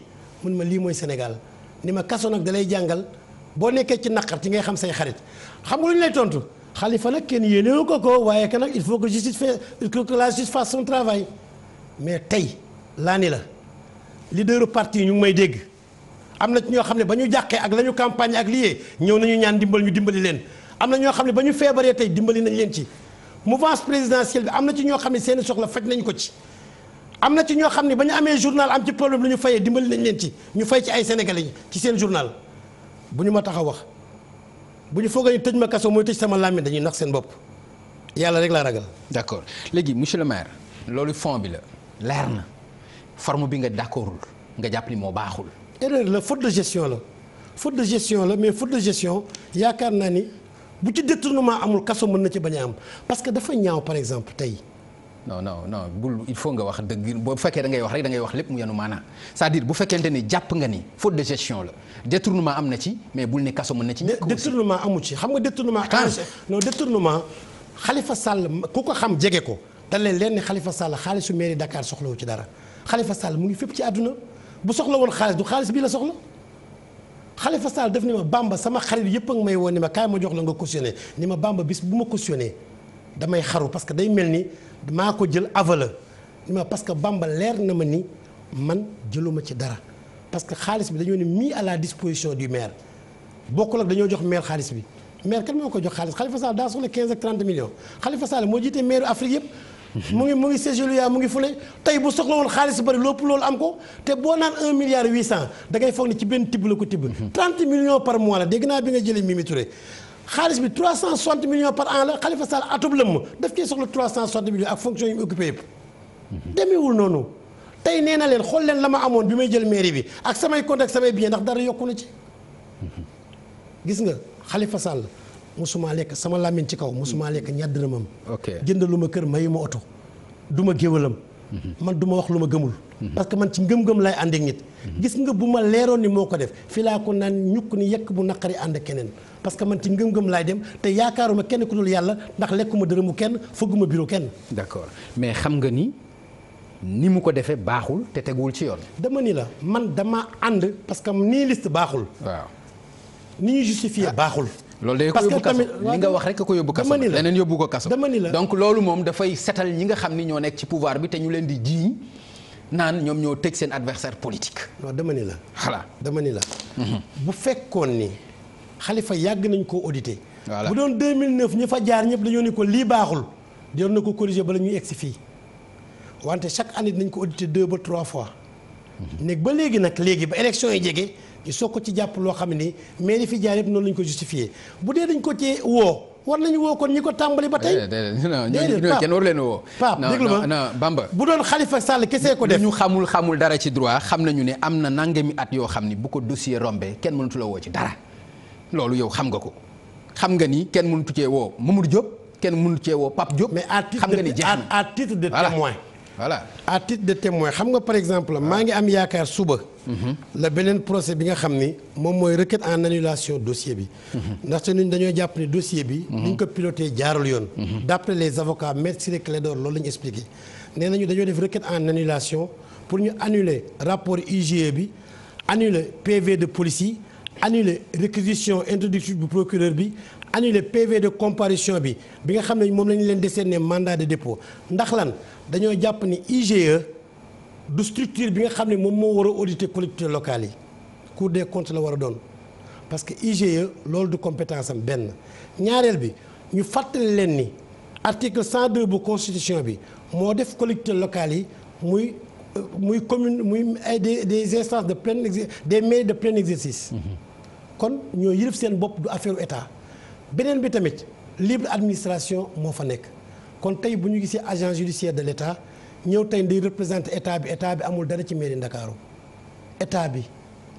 mun ma lii mooy Sénégal ni ma kaso nag dalay jàngal boo nekkee ci naqar ci ngay xam say xarit xam nga lu ñu lay tontu xalifa na kenn yéenewu ko ko waaye que nag il faut que justice fait que la justice fasse son travail mais tey laa ni la leaderu parti ñu ngi may dégg am na ci ñoo xam ne ba ñu jàqee ak la ñu campagne ak lii ñëw na ñu ñaan dimbal ñu dimbali leen am na ñoo xam ne ba ñu feebaree tey dimbali nañ leen ci mouvance présidentielle bi am na ci ñoo xam ne seen soxla faj nañ ko ci am na ci ñoo xam ne ba amee journal am ci problème lu ñu fayee dimbali nañ leen ci ñu fay ci ay sénégalais ci seen journal bu ñu ma tax wax bu ñu foogee ñu tëj ma kaso mooy tëj sama làmmiñ dañuy nax seen bopp yàlla rek laa ragal. d'accord léegi monsieur le maire loolu fond bi la leer na forme bi nga d'accordul nga jàpp ni moo baaxul. erreur la faute de gestion la faute de gestion la mais faute de gestion yaakaar naa ni bu ci détournement amul kaso mën na ci bañ a am parce que dafa ñaaw par exemple tey non non non bul il faut nga wax dëgg boo fekkee da ngay wax rek da wax lépp mu yenu maanaa c'est-à-dire bu fekkente ni jàpp nga ni faute de gestion la détournement am na ci mais bul ni kaso mën na ci. détournement amu ci xam nga détournement. non détournement Khalifa Sall ku ko xam jege ko da lenn xalifa ne Khalifa Sall xaalisu mairie Dakar soxlawu ci dara xalifa Sall mu ngi fépp ci àdduna bu soxla woon xaalis du xaalis bii la soxla. Khalifa Sall def ni ma Bamba sama xarit yëpp a may woon ni ma kaay ma jox la nga cautionné ni ma Bamba bis bu ma cautionné damay xaru parce que day mel ni maa ko jël avala ni ma parce que Bamba leer na ma ni man jëluma ci dara parce que xaalis bi dañoo ne mis à la disposition du maire bokkul ak dañoo jox maire xaalis bi maire kan moo ko jox xaalis Khalifa Sall daa soxla 15 ak 30 millions Khalifa Sall moo jiite maire Afrique yëpp. mu ngi mu ngi Ségilia mu ngi fule tey bu soxla woon xaalis bari lépp loolu am ko te boo naan 1 milliard 800 da ngay foog ne ci benn tibb la ko tibb. 30 mhm. la dégg naa bi nga jëlee Mimi xaalis bi trois cent 360 millions par an la Khalifa Sall atum lëmm daf cee soxla 360 millions ak fonction yi mu occupé yëpp. noonu tey nee na leen xool leen la ma amoon bi may jël mairie bi ak samay compte ak samay bien ndax dara yokku na ci. gis nga Khalifa Sall mosuma lekk sama làmmiñ ci kaw mosuma lekk ñaar dërëmam. ok jëndalu ma kër mayu ma oto du ma géwalam. man du ma wax lu ma gëmul. parce que man ci ngëm-ngëm lay ànd ak nit. gis nga bu ma leeroon ni moo ko def fii laa ko naan ñukk ni yekk bu naqari ànd ak keneen. parce que man ci ngëm-ngëm laay dem te yaakaaruma kenn ku dul yàlla ndax lekkuma dërëmu kenn fëgguma bureau kenn. d'accord mais xam nga ni ni mu ko defee baaxul te teguwul ci yoon. dama ni la man dama ànd parce que nii liste baaxul. waaw ni ah. baaxul. loolu day ko yóbbu kaso nga wax rek ko yóbbu kaso leneen yóbbu ko kaso donc loolu moom dafay setal ñi nga xam ni ñoo nekk ci pouvoir bi te ñu leen di jiiñ naan ñoom ñoo tëj seen adversaire politique. non dama ni la. voilà dama ni la. Mhm. bu fekkoon ni. xalifa yàgg nañ koo audité bu doon 2009 ñi fa jaar ñëpp dañoo ne ko lii baaxul doon na ko ba bala ñuy si fii wante chaque année nañ ko audité deux ba trois fois nekk ba léegi nag léegi ba élection yi jege ñu soog ko ci jàpp loo xam ni mais li fi jaar yëpp noonu lañ ko justifié bu dee dañ ko ci woo war nañu woo kon ñi ko tàmbali ba tey. Eh, déedéet kenn war leen woo. Pape déglu ma non Bamba. bu doon xalifa Sall kese ko def. ñu xamul xamul dara ci droit xam nañu ne am na nangami at yoo xam ni bu ko dossier rombé kenn la woo ci dara. loolu yow xam nga ko xam nga ni kenn mënut cee woo Mamadou Diop kenn mënut cee woo Pape Diop. mais à titre de à titre de témoin. voilà à de témoin xam nga par exemple ah. maa ngi am yaakaar suba. Mhm. la beneen procès bi nga xam ni moom mooy requête en annulation dossier bi. Mhm. ndaxte ñun dañoo jàpp ne dossier bi. Mhm. ni ñu ko piloté jaarul yoon. d' les avocats maître Ciré Clédor lool la ñu expliqué. nee nañu dañoo def requête en annulation pour ñu annuler rapport IGE bi annuler PV de annuler réquisition introduction bu procureur bi annuler PV de comparution bi bi nga xam ne moom la ñu leen décerner mandat de dépôt ndax lan dañoo jàpp ni IGE du structure bi nga xam ne moom moo waroo a auditer locale yi Cour des comptes la war parce que IGE loolu du compétence am benn ñaareel bi ñu fàttali leen ni article 102 bu constitution bi moo def collectivités locales yi muy muy commune muy ay des instances de plein des mais de plein exercice. Mm-hmm. kon ñoo yilif seen bopp du affaire état beneen bi tamit libre administration moo fa nekk kon tey bu ñu gisee agent judiciaire de l' état ñëw tey day représenter état bi état bi amul dara ci mairie Ndakaaru état bi.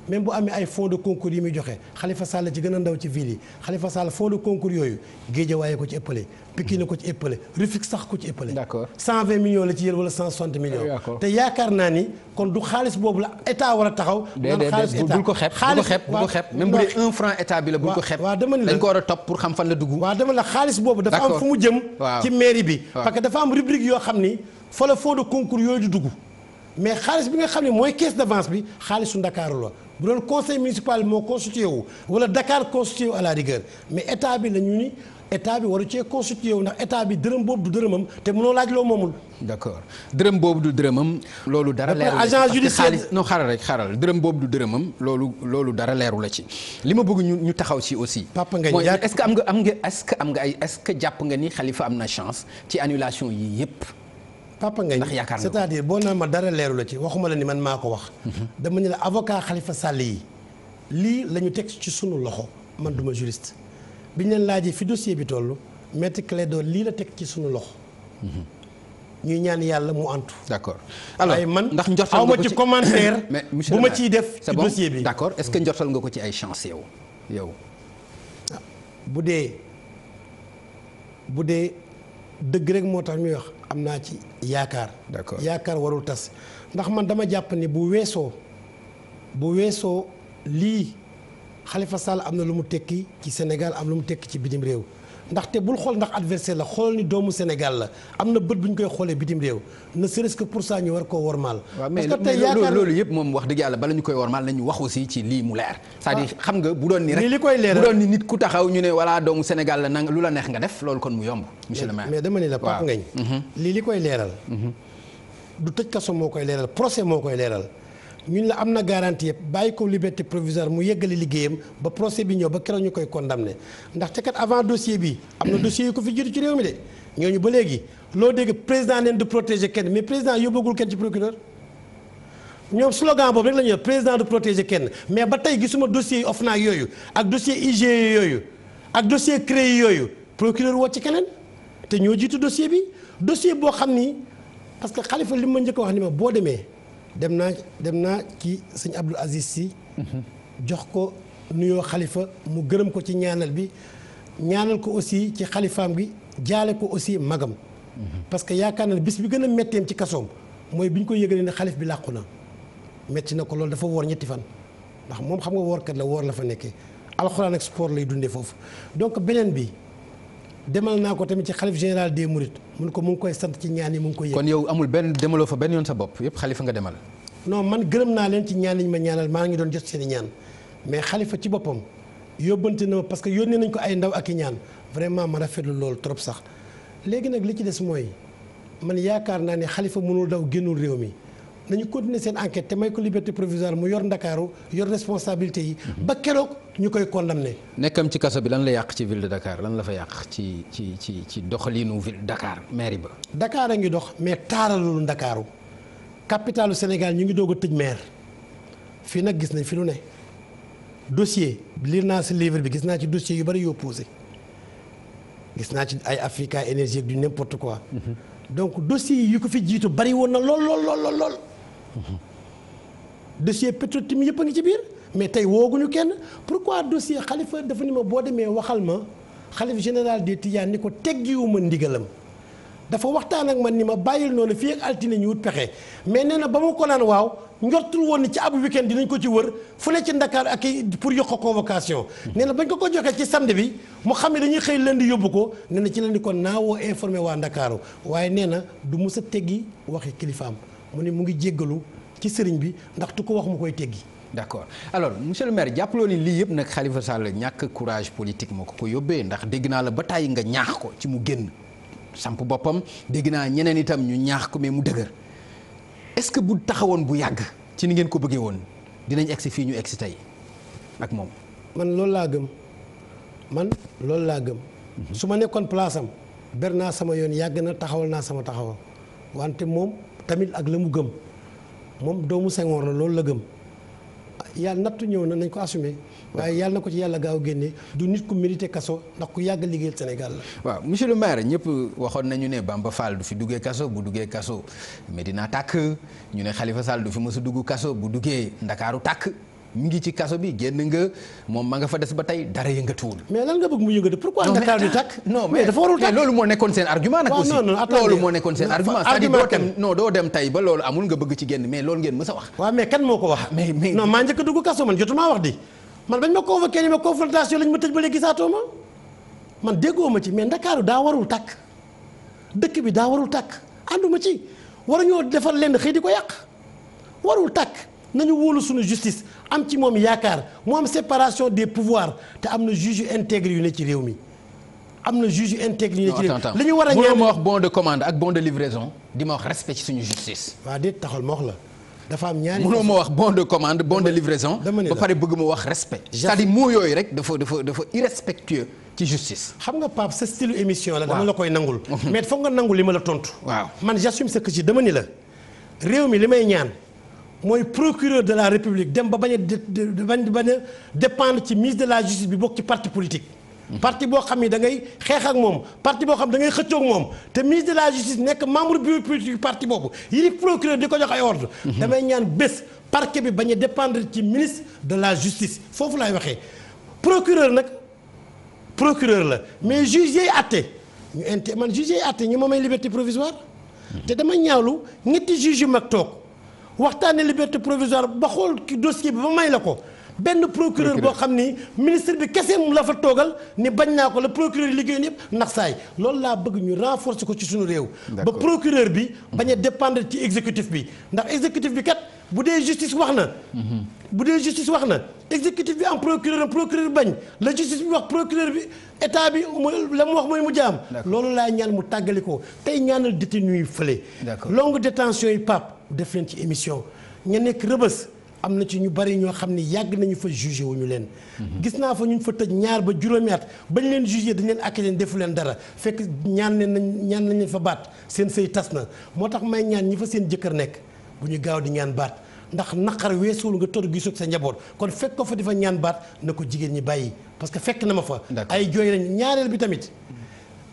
même bu amee ay fonds de concours yi muy joxe Khalifa Sall ci gën a ndaw ci ville yi Khalifa fonds de concours yooyu Guédiawaye ko ci ëppale Pikine ko ci ëppale Rufisque sax ko ci ëppale d'accord 120 millions la ci yéen wala 160 millions te yaakaar naa ni kon du xaalis boobu la état war a taxaw naan xaalis état bul ko xeeb bul ko xeeb bul ko xeeb même bu dee un franc état bi ko xeeb waaw dama ni la dañ ko war a topp pour xam fan la dugg waaw dama la xaalis boobu dafa am fu mu jëm ci mairie bi parce que dafa am rubrique yoo xam ni fa la fonds de concours dugg mais xaalis bi nga xam ne mooy caisse d'avance bi xaalisu ndakaaru la bu doon conseil municipal moo constitué wu wala Dakar constitué wu à mais état bi la ñu ni état bi waru cee constitué wu ndax état bi dërëm boobu du dërëmam te mënoo laaj loo moomul. d' accord dërëm boobu du dërëmam. loolu dara leeru la ci agent xaalis non xaaral rek xaaral dërëm boobu du dërëmam loolu loolu dara leeru la ci. li ma bëgg ñu ñu taxaw ci aussi. papa nga est ce que am am nga est ce que am nga ay est ce que jàpp nga ni Khalifa am na chance ci annulation yii yëpp. papa Ngagne c'est-à-dire boo na ma dara leeru la ci waxuma la ni man maa ko wax. Mhm. dama ne la avocat Khalifa Sall yi lii la ñu teg ci sunu loxo man duma juriste biñ leen laajee fi dossier bi toll maître Clédor lii la teg ci sunu loxo. Mhm. ñuy ñaan yàlla mu antu. d' accord alors ay man ndax njortal nga ko ci commentaire. mais monsieur bu ma ciy def ci dossier bi. d' accord est ce que njortal nga ko ci ay chance yow yow. Ah, bu dee bu dee. dëgg rek moo tax ñuy wax am naa ci yaakaar. d'accord yaakaar warul tas ndax man dama jàpp ni bu weesoo bu weesoo lii Khalifa Sall am na lu mu tekki ci Sénégal am lu mu tekki ci bitim réew. ndaxte bul xool ndax adversaire la xool ni doomu Sénégal la am na bët bu ñu koy xoolee bitim réew ne serait-ce pour ça ñu war koo wormaal. parce que loolu yëpp moom wax dëgg yàlla bala ñu koy wormaal nañu wax aussi ci lii mu leer. c'est-à-dire xam nga bu doon ni rek bu doon ni nit ku taxaw ñu ne voilà doomu Sénégal la nang lu la neex nga def loolu kon mu yomb. monsieur le maire mais dama la Pape Ngagne mhm. lii li koy leeral. Mhm. du tëj kaso moo koy leeral procès moo koy leeral. ñu la am na garantie yëpp bàyyi ko liberté provisoire mu yëggale liggéeyam ba procès bi ñëw ba keroog ñu koy ndax ndaxte kat avant dossier bi am na dossier yu ko fi jiitu ci réew mi de ñu ba léegi loo dégg président neen du protéger kenn mais président yóbbagul kenn ci procureur ñoom slogan boobu rek la ñuy président du protéger kenn mais ba tey gisuma dossier OFNAC yooyu ak dossier IGE yooyu ak dossier CREI yooyu procureur woo ci keneen te ñoo jiitu dossier bi dossier boo xam ni parce que xalifa li ma njëkk wax ni ma boo demee. dem naa dem naa ci sëñ Abdul Aziz si. jox ko nuyoo xalifa mu gërëm ko ci ñaanal bi ñaanal ko aussi ci xalifaam bi jaale ko aussi magam. parce que yaakaar na bis bi gën a métteem ci kasoom mooy bi ñu ko yëgalee ne xalif bi làqu na. métti na ko loolu dafa woor ñetti fan ndax moom xam nga woor woorkat la woor la fa nekkee alxuraan ak sport lay dundee foofu donc beneen bi. demal naa ko tamit ci xalif général des Mourides mun ko mu ngi koy sant ci ñaan yi mu ngi koy. kon yow amul benn demaloo fa benn yoon sa bopp yëpp xalifa nga demal. non man gërëm naa leen ci ñaan yi ma ñaanal maa ngi doon jot seen i ñaan mais xalifa ci boppam yóbbante na ma parce que yónnee nañ ko ay ndaw ak i ñaan vraiment ma rafetlu loolu trop sax léegi nag li ci des mooy man yaakaar naa ne xalifa munul daw génnul réew mi nañu continuer seen enquête te may ko liberté provisoire mu yor ndakaaru yor responsabilité yi. ba keroog ñu koy condamné. nekkam ci kaso bi lan la yàq ci ville de Dakar lan la fa yàq ci ci ci ci doxaliinu ville Dakar mairie ba. dakaar a ngi dox mais taaralul ndakaaru capitalu Sénégal ñu ngi doog a tëj maire fii nag gis nañ fi lu ne dossier liir naa si livre bi gis naa ci dossier yu bari yoo posé gis naa ci ay Africa énergie du n'importe quoi. Mhm. donc dossier yi ko fi jiitu bari woon na lool lool. dossier Petro-Tim yëpp a ngi ci biir mais tey wooguñu kenn pourquoi dossier xalifa dafa ni ma boo demee waxal ma xalif général des tijaan ni ko teggiwuma ndigalam dafa waxtaan ak man ni ma bàyyil noonu fii ak altine ñu wut pexe mais nee na ba ma ko naan waaw njortul woon ni ci ab weekend dinañ ko ci wër fu ne ci Ndakaar ak pour yokk convocation. nee na bañ ko ko joxee ci samedi bi mu xam ne dañuy xëy lundi yóbbu ko nee na ci lundi kon naawoo informé waa Ndakaaru waaye nee na du mus teggi waxi kilifaam. mu ne mu ngi jéggalu ci sëriñ bi ndax tu ko wax mu koy teggi d'accord alors monsieur le maire jàppaloo ni lii yëpp nag Khalifa Sall ñàkk courage politique moo ko ko yóbbee ndax dégg naa la ba tàyyi nga ñaax ko ci mu génn samp boppam dégg naa ñeneen itam ñu ñaax ko mais mu dëgër est-ce que bu taxawoon bu yàgg ci ni ngeen ko bëggee woon dinañ egsi fii ñu egsi tey ak moom. man loolu laa gëm man loolu laa gëm. Mhm. su ma nekkoon place am ber naa sama yoon yàgg na taxawal naa sama taxawal wante moom. tamit ak la mu gëm moom doomu Senghor la loolu la gëm yàlla nattu ñëw na nañ ko assumer waaye yàlla na ko ci yàlla gaaw génne du nit ku mérité kaso ndax ku yàgg liggéeyal Sénégal la. waaw monsieur le maire ñëpp waxoon nañu ne Bamba Fall du fi duggee kaso bu duggee kaso Medina tàkk ñu ne xalifa Sall du fi mës a dugg kaso bu duggee Ndakaaru tàkk. mu ngi ci kaso bi génn nga moom ma nga fa des ba tey dara yëngatuwul. mais lan nga bëgg mu yëngatu pourquoi. Dakar di ah, tàkk non mais dafa warul tàkk loolu moo nekkoon seen argument nag aussi loolu moo nekkoon seen argument c'est-à-dire doo dem tey ba loolu amul nga bëgg ci génn mais loolu ngeen mës a wax. waaw mais kan moo ko wax. Ah, mais mais non maa njëkk a dugg kaso man jotuma wax di man bañ ma convoqué ni ma confrontation lañ ma tëj ba léegi gisaatoo ma man déggoo ma ci mais Ndakaaru daa warul tàkk dëkk bi daa warul tàkk ànduma ci di ko yàq warul tàkk nañu wóolu suñu justice am ci moom yaakaar mu am séparation de pouvoir te am na juge yu yu ne ci réew mi am na juge yu intègre yu ne ci réew mi. li ñu war a ñaan ma wax bon de commande ak bon de ma wax respect ci suñu justice. waaw déet taxal la. dafa am ñaari mënoo ma wax bon de commande bon de livraison ba pare bëgg ma wax respect c'est-à-dire moo yooyu rek dafa dafa dafa irrespectueux ci justice xam nga Pape sa style émission la dama la koy nangul mais foog nga nangul li ma la tontu waaw man j'assume ce que ci dama ni la réew mi li may ñaan mooy procureur de la république dem ba bañ a bañ a dépendre ci ministre de la justice bi bokk ci parti politique. Mm-hmm. parti boo xam ni da ngay xeex ak moom parti boo xam da ngay xëccoog moom te ministre de la justice nekk membre bureau politique parti boobu yi procureur di ko jox ay ordre mm-hmm. damay ñaan bés parquet bi bañ a dépendre ci ministre de la justice foofu laay waxee. procureur nag procureur la mais juge yi àtte ñu inte man juge yi àtte ñu ma may liberté provisoire. Mm-hmm. te dama ñaawlu ñetti juge yu toog. waxtaane liberté provisoire ba xool dossier bi ba may la ko benn procureur boo xam ni ministre bi kese moom la fa toogal ni bañ naa ko la procureur yi liggéeyoon yëpp ndax saay loolu laa bëgg ñu renforcer ko ci suñu réew ba procureur bi mhm. bañ a dépendre ci exécutif bi ndax exécutif bi kat bu dee justice wax na mhm. bu dee justice wax na exécutif bi am procureur bi bañ la justice bi wax procureur bi état bi la mu wax mooy mu jaam loolu laa ñaan mu tàggali ko tey ñaanal détenu yi fële longue détention yi pap def leen ci émission ña nekk rëbës am na ci ñu bari ñoo xam ne yàgg nañu fa jugé wu ñu leen. gis naa fa ñun fa tëj ñaar ba juróomi at bañ leen jugé dañ leen àq leen defu leen dara fekk ñaan leen nañ ñaan nañ fa baat seen sëy tas na moo tax may ñaan ñi fa seen jëkkër nekk bu ñu gaaw di ñaan baat. ndax naqar weesul nga toog gisoog sa njaboot kon fekk ko fa di fa ñaan baat na ko jigéen ñi bàyyi parce que fekk na ma fa. ay jooy lañu ñaareel bi tamit.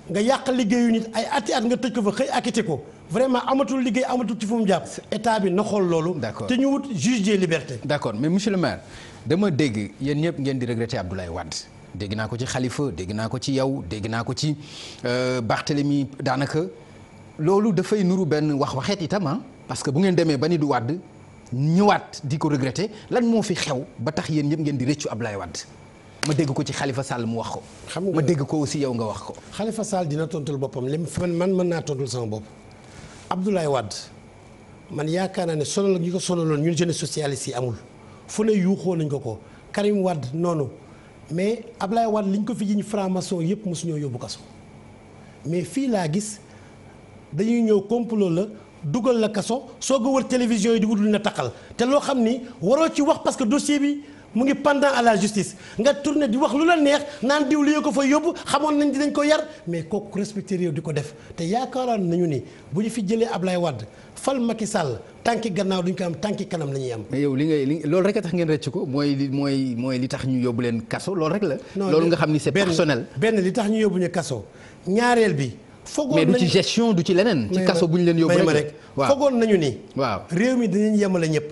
nga yàq liggéeyu nit ay ati at nga tëj ko fa xëy akite ko. vraiment amatul liggéey amatul ci fu mu jàpp. état bi na xool loolu. d'accord te ñu wut juge des libertés. le maire dama dégg yéen ñëpp ngeen di regretter Abdoulaye Wade. dégg naa ko ci xalifa dégg naa ko ci yow dégg naa ko ci euh, Barthélemy daanaka loolu dafay nuru benn wax waxeet itam am ah. parce que bu ngeen demee ba ni du Wade ñëwaat di ko regretter lan moo fi xew ba tax yéen ñëpp ngeen di rëccu Abdoulaye Wade. ma dégg ko ci xalifa Sall mu wax ko. xam nga ma dégg ko aussi yow nga wax ko. xal Sall dina tontul boppam li man mën naa tontul sama Abdoulaye Wade man yaakaar naa ne sonal ñi ko sonaloon ñun jeunes socialistes yi amul fu ne yuuxoo nañ ko ko Karim Wade noonu mais Abdoulaye Wade liñ ko fi jiñ franc-maçon yëpp mosuñoo yóbbu kaso mais fii laa gis dañuy ñëw complot la dugal la kaso soo ko wër télévision yi di wut lu na taqal te loo xam ni waroo ci wax parce que dossier bi. mu ngi pendant à la justice nga tourné di wax lu la neex naan diw ko fa yóbbu xamoon nañ dinañ ko yar mais kooku respecté réew di ko def te yaakaaroon nañu ni bu ñu fi jëlee Ablaye Wade fal Macky sàll tànki gannaaw duñ ko am tànki kanam la ñuy am. mais yow li ngay li loolu rek a tax ngeen rëcc ko mooy li mooy mooy li tax ñu yóbbu leen kaso rek la. loolu nga xam ni c'est personnel. benn li tax ñu yóbbu ñu kaso ñaareel bi. fogoon nañu mais du ci gestion du ci leneen. ci bu ñu leen yóbbu rek waaw fogoon nañu ni. waaw réew mi dinañ yemale ñëpp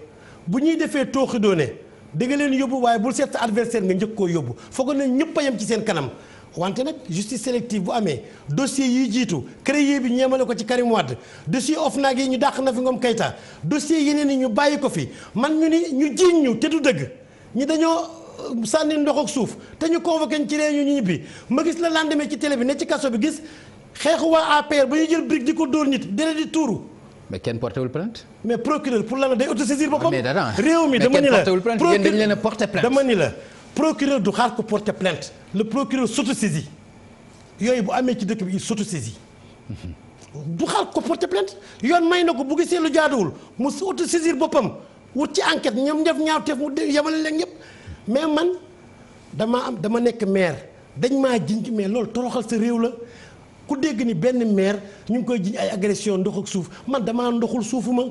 bu ñuy defee tooxi doone di nga yóbbu waaye bul set sa adversaire nga njëkk koo yóbbu foog na ñëpp yem ci seen kanam wante nag justice sélective bu amee dossier yi jiitu créé bi ñeemale ko ci Karim Wade dossier OFNAC yi ñu dàq na fi Ngom Keïta dossier yeneen yi ñu bàyyi ko fi man ñu ni ñu jiiñ ñu te du dëgg ñu dañoo. Euh, sànni ndox ak suuf te ñu convoqué ci réew ñu ñibbi ma gis la lendemain ci télé bi ne ci kaso bi gis xeexu waa APR ba ñu jël brique di ko dóor nit dere di tuuru. kenn porté wul plainte mais procureur pour lan day autosaisir boppam. Ah, mais dara réew mi dama ni la a porté plainte dama ni la procureur du xaar ko porté plainte le procureur s'autosaisi yooyu bu amee ci dëkk bi il s'autosaisi du xaar ko porté plainte yoon may na ko bu gisee lu jaaduwul mu autosaisir boppam wut ci enquête ñoom def ñaawteef mu yemale leen ñëpp mais man dama am dama nekk maire dañ maa jiñ mais loolu toroxal sa réew la. ku dégg ni benn maire ñu ngi koy jiñ ay agression ndox ak suuf man damaa ndoxul suufu ma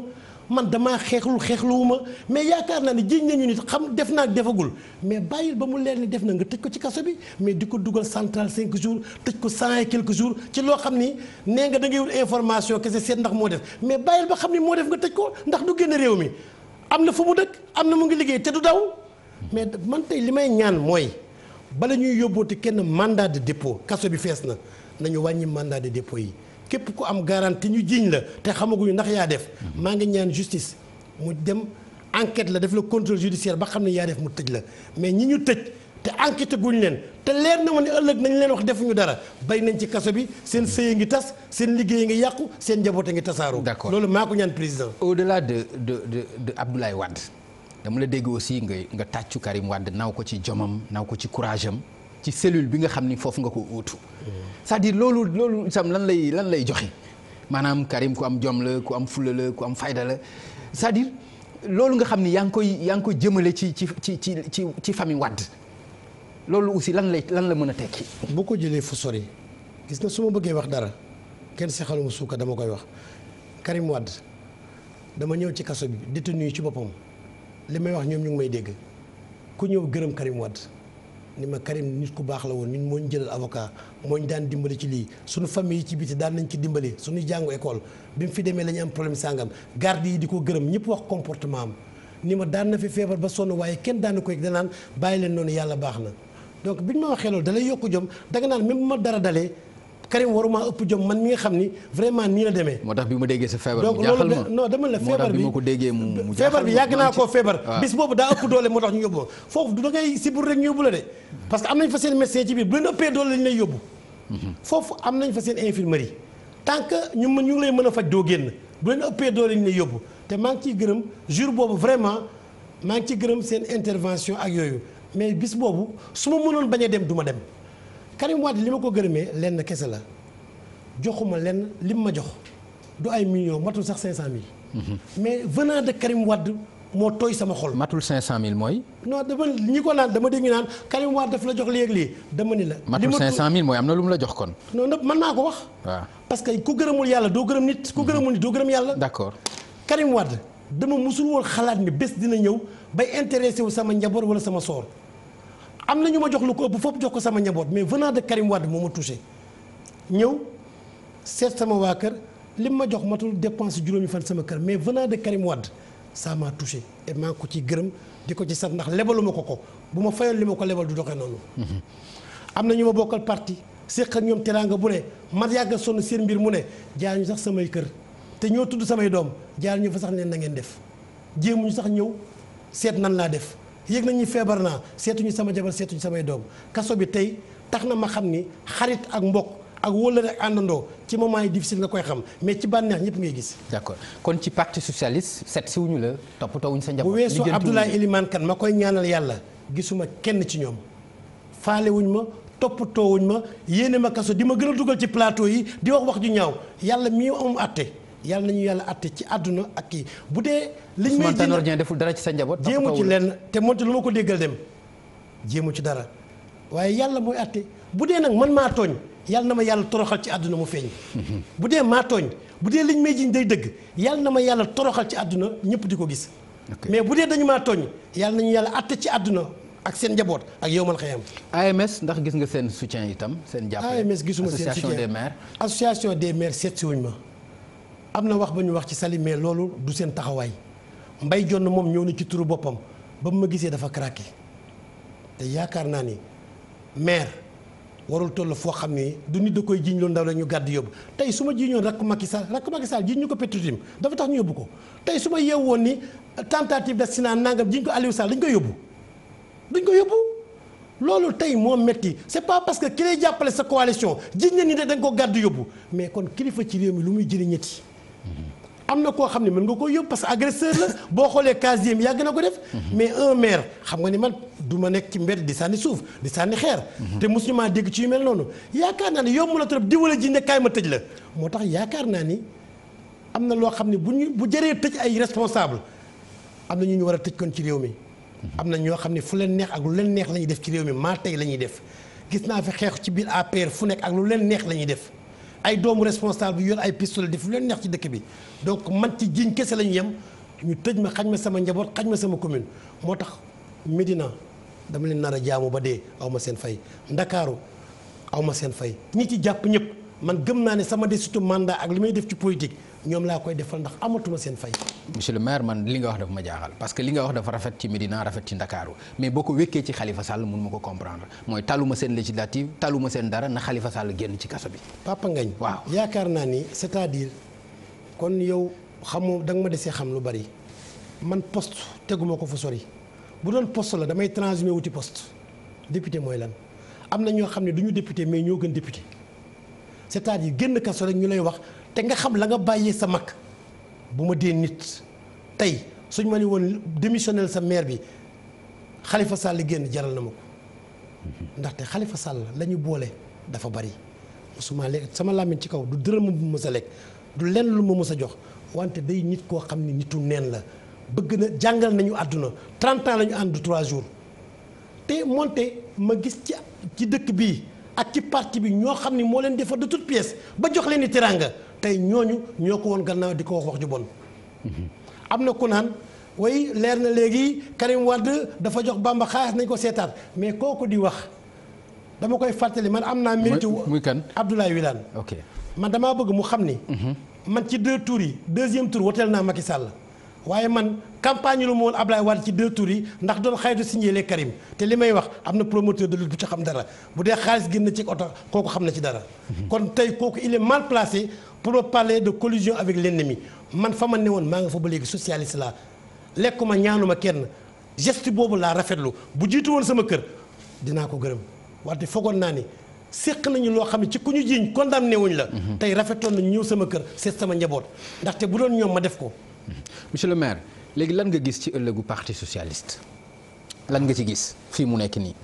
man damaa xeexlu xeexluwuma mais yaakaar naa ni jiñ nañu nit xam def naa defagul mais bàyyil ba mu leer ni def na nga tëj ko ci kaso bi mais di ko dugal central cinq jours tëj ko cent et jours ci loo xam ni nee nga da ngay information kese seet ndax moo def mais bàyyil ba xam ni moo def nga tëj ko ndax du génn réew mi am na fu mu dëkk am na mu ngi liggéey te du daw mais man tey li may ñaan mooy bala ñuy yóbbooti kenn mandat de dépôt kaso bi fees na nañu wàññi mandat de yi képp ku am garantie ñu jiiñ la te xamaguñu ndax yaa def maa ngi ñaan justice mu dem enquête la def la contrôle judiciaire ba xam ne yaa def mu tëj la mais ñi ñu tëj te gu guñ leen te leer na ma ne ëllëg nañ leen wax defuñu dara bay nañ ci kaso bi seen sëye ngi tas seen liggéey ngi yàqu seen njaboot ngi tasaaroo. d'accord loolu maa ko ñaan président. au delà de de de de Abdoulaye dama la dégg aussi nga nga tàccu Karim Wade naw ko ci jomam naw ko ci courage am. ci cellule bi nga xam ni foofu nga ko uutu cest à loolu loolu itam lan lay lan lay joxe maanaam Karim ku am jom la ku am fulla la ku am fayda la cest à loolu nga xam ni yaa ngi koy yaa ngi koy jëmale ci ci ci ci ci ci famille Wade loolu aussi lan lay lan la mën a tekki. boo ko jëlee fu sore gis na su ma bëggee wax dara kenn sexaluma suuka dama koy wax Karim Wade dama ñëw ci kaso bi détenu yi ci boppam li may wax ñoom ñu ngi may dégg ku ñëw gërëm Karim Wade. ni ma Karim nit ku baax la woon ñun moo ñu jëlal avocat moo ñu daan dimbali ci lii suñu famille yi ci biti daan nañ ci dimbali suñu jàngu école bi mu fi demee la am problème sàngam garde yi di ko gërëm ñëpp wax comportement am ni ma daan na fi feebar ba sonn waaye kenn daan ko yëg danaan bàyyi leen noonu yàlla baax na donc bi ñu ma waxee loolu dalay yokku jom danga naan même ma dara dalee Karim waruma ëpp jom man mi nga xam ni vraiment nii la demee. moo tax bi ma déggee sa feebar mu jaaxal ma non dama la feebar bi ko déggee mu feebar bi yàgg naa koo feebar bis boobu daa ëpp doole moo tax ñu yóbbu foofu du da ngay sibur rek ñu yóbbu la de parce que am nañ fa seen médecin ci biir bu leen ëppee doole am nañ fa seen infirmerie tant que ñu ma ñu ngi lay mën a faj doo génn bu leen ëppee doole lañ lay yóbbu te maa ngi ciy gërëm jour boobu vraiment maa ngi ci gërëm seen intervention ak yooyu mais bis boobu su ma mënoon bañ a dem du ma dem Karim Wade li ma ko gërëmee lenn kese la joxuma lenn li ma jox du ay millions matul sax 500000. Mhm. mais venant de Karim Wade moo tooy sama xol. matul 500000 mooy. non dama ñi ko naan dama dégg naan Karim Wade daf la jox léeg lii dama ni la. matul 500000 mooy am na lu mu la jox kon. non nag mën naa ko wax. waaw parce que ku gërëmul yàlla doo gërëm nit. ku gërëmul nit doo gërëm yàlla. d'accord Karim Wade dama musul woon xalaat ni bés dina ñëw bay intéressé wu sama njaboot wala sama soor. am na ñu ma jox lu ko bu foofu jox ko sama njaboot mais venant de Karim Wade moo ma touché ñëw seet sama waa kër li ma jox matul dépense juróomi fan sama kër mais venant de Karim Wade ça m'a touché et maa ngi ko ci gërëm di ko ci sant ndax lebaluma ko ko bu ma fayoon li ma ko lebal du doxee noonu. Mm-hmm. am na ñu ma bokkal parti séq ak ñoom teraanga bu ne man yàgg sonn seen mbir mu ne jaar ñu sax samay kër te ñoo tudd samay doom jaar ñu fa sax ne na ngeen def jéemuñu sax ñëw seet nan laa def. yëg nañu feebar naa seetuñu sama jabar seetuñu samay doom kaso bi tey tax na ma xam ni xarit ak mbokk ak wóllare ak àndandoo ci moment yi difficile nga koy xam mais ci bànneex ñëpp ngay gis. d'accord kon ci parti socialiste set si wuñu la toppatoo wuñ sa njaboot. bu weesoo Abdoulaye Elimane Kane ma koy ñaanal yàlla gisuma kenn ci ñoom faale ma. toppatoo wuñ ma yéene ma kaso di ma gën a dugal ci plateau yi di wax wax ju ñaaw yàlla mi am atte yàlla nañu yàlla atte ci àdduna ak kii bu dee liñ may jënd deful dara ci sa njaboot. jéemu ci lenn te moonte lu ma ko déggal dem jéemu ci dara waaye yàlla mooy àtte bu dee nag man maa tooñ yàlla na ma yàlla toroxal ci àdduna mu feeñ. bu dee maa bu dee liñ may jiñ day dëgg yàlla na ma yàlla toroxal ci àdduna ñëpp di ko gis. mais bu dee dañu maa tooñ yàlla nañu yàlla àtte ci àdduna ak seen njaboot ak yow man xëyam. AMS ndax gis nga seen soutien itam seen jàppale. AMS gisuma seen soutien association des maires. association des maire seet si wuñ ma am na wax ba ñu wax ci Saly mais loolu du seen taxawaay. mbay jonn moom ñëw na ci turu boppam ba mu ma gisee dafa craqué te yaakaar naa ni maire warul toll foo xam ne du nit da koy jiiñ loolu ndaw la ñu gàdd yóbbu tey su ma jiiñoon rakk Macky Sall rakk Macky Sall jiiñ ñu ko petro dafa tax ñu yóbbu ko tey su ma yeewoon ni tentative d'assassinat nangam jiiñ ko Aliou Sall dañ ko yóbbu dañ ko yóbbu loolu tey moo metti c'est pas parce que ki jàppale sa coalition jiiñ na ni da nga ko gàdd yóbbu mais kon kilifa ci réew mi lu muy ñetti am na koo xam ne mën nga koo yóbbu parce que agresseur la boo xoolee casier yàgg na ko def. mais un maire xam nga ni man du ma nekk ci mbedd di sànni suuf di sànni xeer. te mosuñu maa dégg ci yu mel noonu yaakaar naa ne yomb na trop ji ne kaay ma la moo tax yaakaar naa ni am na loo xam ne bu ñu bu jëree tëj ay responsable am na ñu ñu war a tëj kon ci réew mi. am na ñoo xam ne fu leen neex ak lu leen neex la ñuy def ci réew mi maa tey la ñuy def gis naa fi xeex ci biir APR fu nekk ak lu leen neex la ñuy def. ay doomu responsable yu yor ay pistolet def fu leen neex ci dëkk bi donc man ci jiiñ kese la ñu yem ñu tëj ma xaj ma sama njaboot xañ ma sama commune moo tax Médina dama leen nar a jaamu ba dee aw ma seen fay ndakaaru aw ma seen fay ñi ci jàpp ñëpp man gëm naa ne sama desitu mandat ak li may def ci politique ñoom laa koy defal ndax amatuma seen fay. monsieur le maire man li nga wax dafa ma jaaxal parce que li nga wax dafa rafet ci Médina rafet ci Ndakaaru mais boo ko wékkee ci Khalifa Sall mun ma ko comprendre mooy taluma seen législative taluma seen dara na Khalifa Sall génn ci kaso bi. Papa Ngagne waaw yaakaar naa ni cest à kon yow xamoo da nga ma desee xam lu bari man post teguma ko fu sori bu doon post la damay transhumer wuti post député mooy lan am na ñoo xam ne du député mais ñoo gën député c'est-à-dire génn kaso rek ñu lay wax. te nga xam la nga bàyyee sa mag bu ma dee nit tey suñ ma ne woon démissionnel sa maire bi Khalifa Sall génn jaral na ma ko ndaxte xalifa Sall la boole dafa bari su ma lekk sama làmmiñ ci kaw du dërëm bu ma sa lekk du lenn lu ma mës a jox wante day nit koo xam ne nitu neen la bëgg na jàngal nañu àdduna 30 ans la ñu ànd jours te moonte ma gis ci ci dëkk bi ak ci parti bi ñoo xam ne moo leen defar de toute pièce ba jox leen i teraanga tey ñooñu ñoo ko woon gannaaw di ko wax ju bon. am na ku naan way leer na léegi Karim Wade dafa jox Bamba xaalis nañ ko seetaat mais kooku di wax dama koy fàttali man am naa. mérite muy kan Abdoulaye Wilane. ok man damaa bëgg mu xam ni. Mhm. man ci deux tours yi deuxième tour woteel naa Macky Sall. waaye man campagne lu ma woon Ablaye Wade ci deux tours yi ndax doon xaytu signé les Karim te li may wax am na promoteur de lutte bu ci xam dara bu dee xaalis génn ci oto kooku xam na ci dara. Mhm. pour parler de collusion avec mi man fa ma ne woon maa ngi fa ba léegi socialiste laa lekkuma ñaanuma kenn geste boobu laa rafetlu bu jiitu woon sama kër dinaa ko gërëm wante foogoon naa ni séq nañu loo xam ne ci ku ñu jiiñ condamné wuñ la. Mhm. tey rafetoon nañ ñëw sama kër seet sama njaboot ndaxte bu doon ñoom ma def ko. Mhm. monsieur le maire léegi lan nga gis ci ëllëgu parti socialiste lan nga ci gis fii mu nekk nii.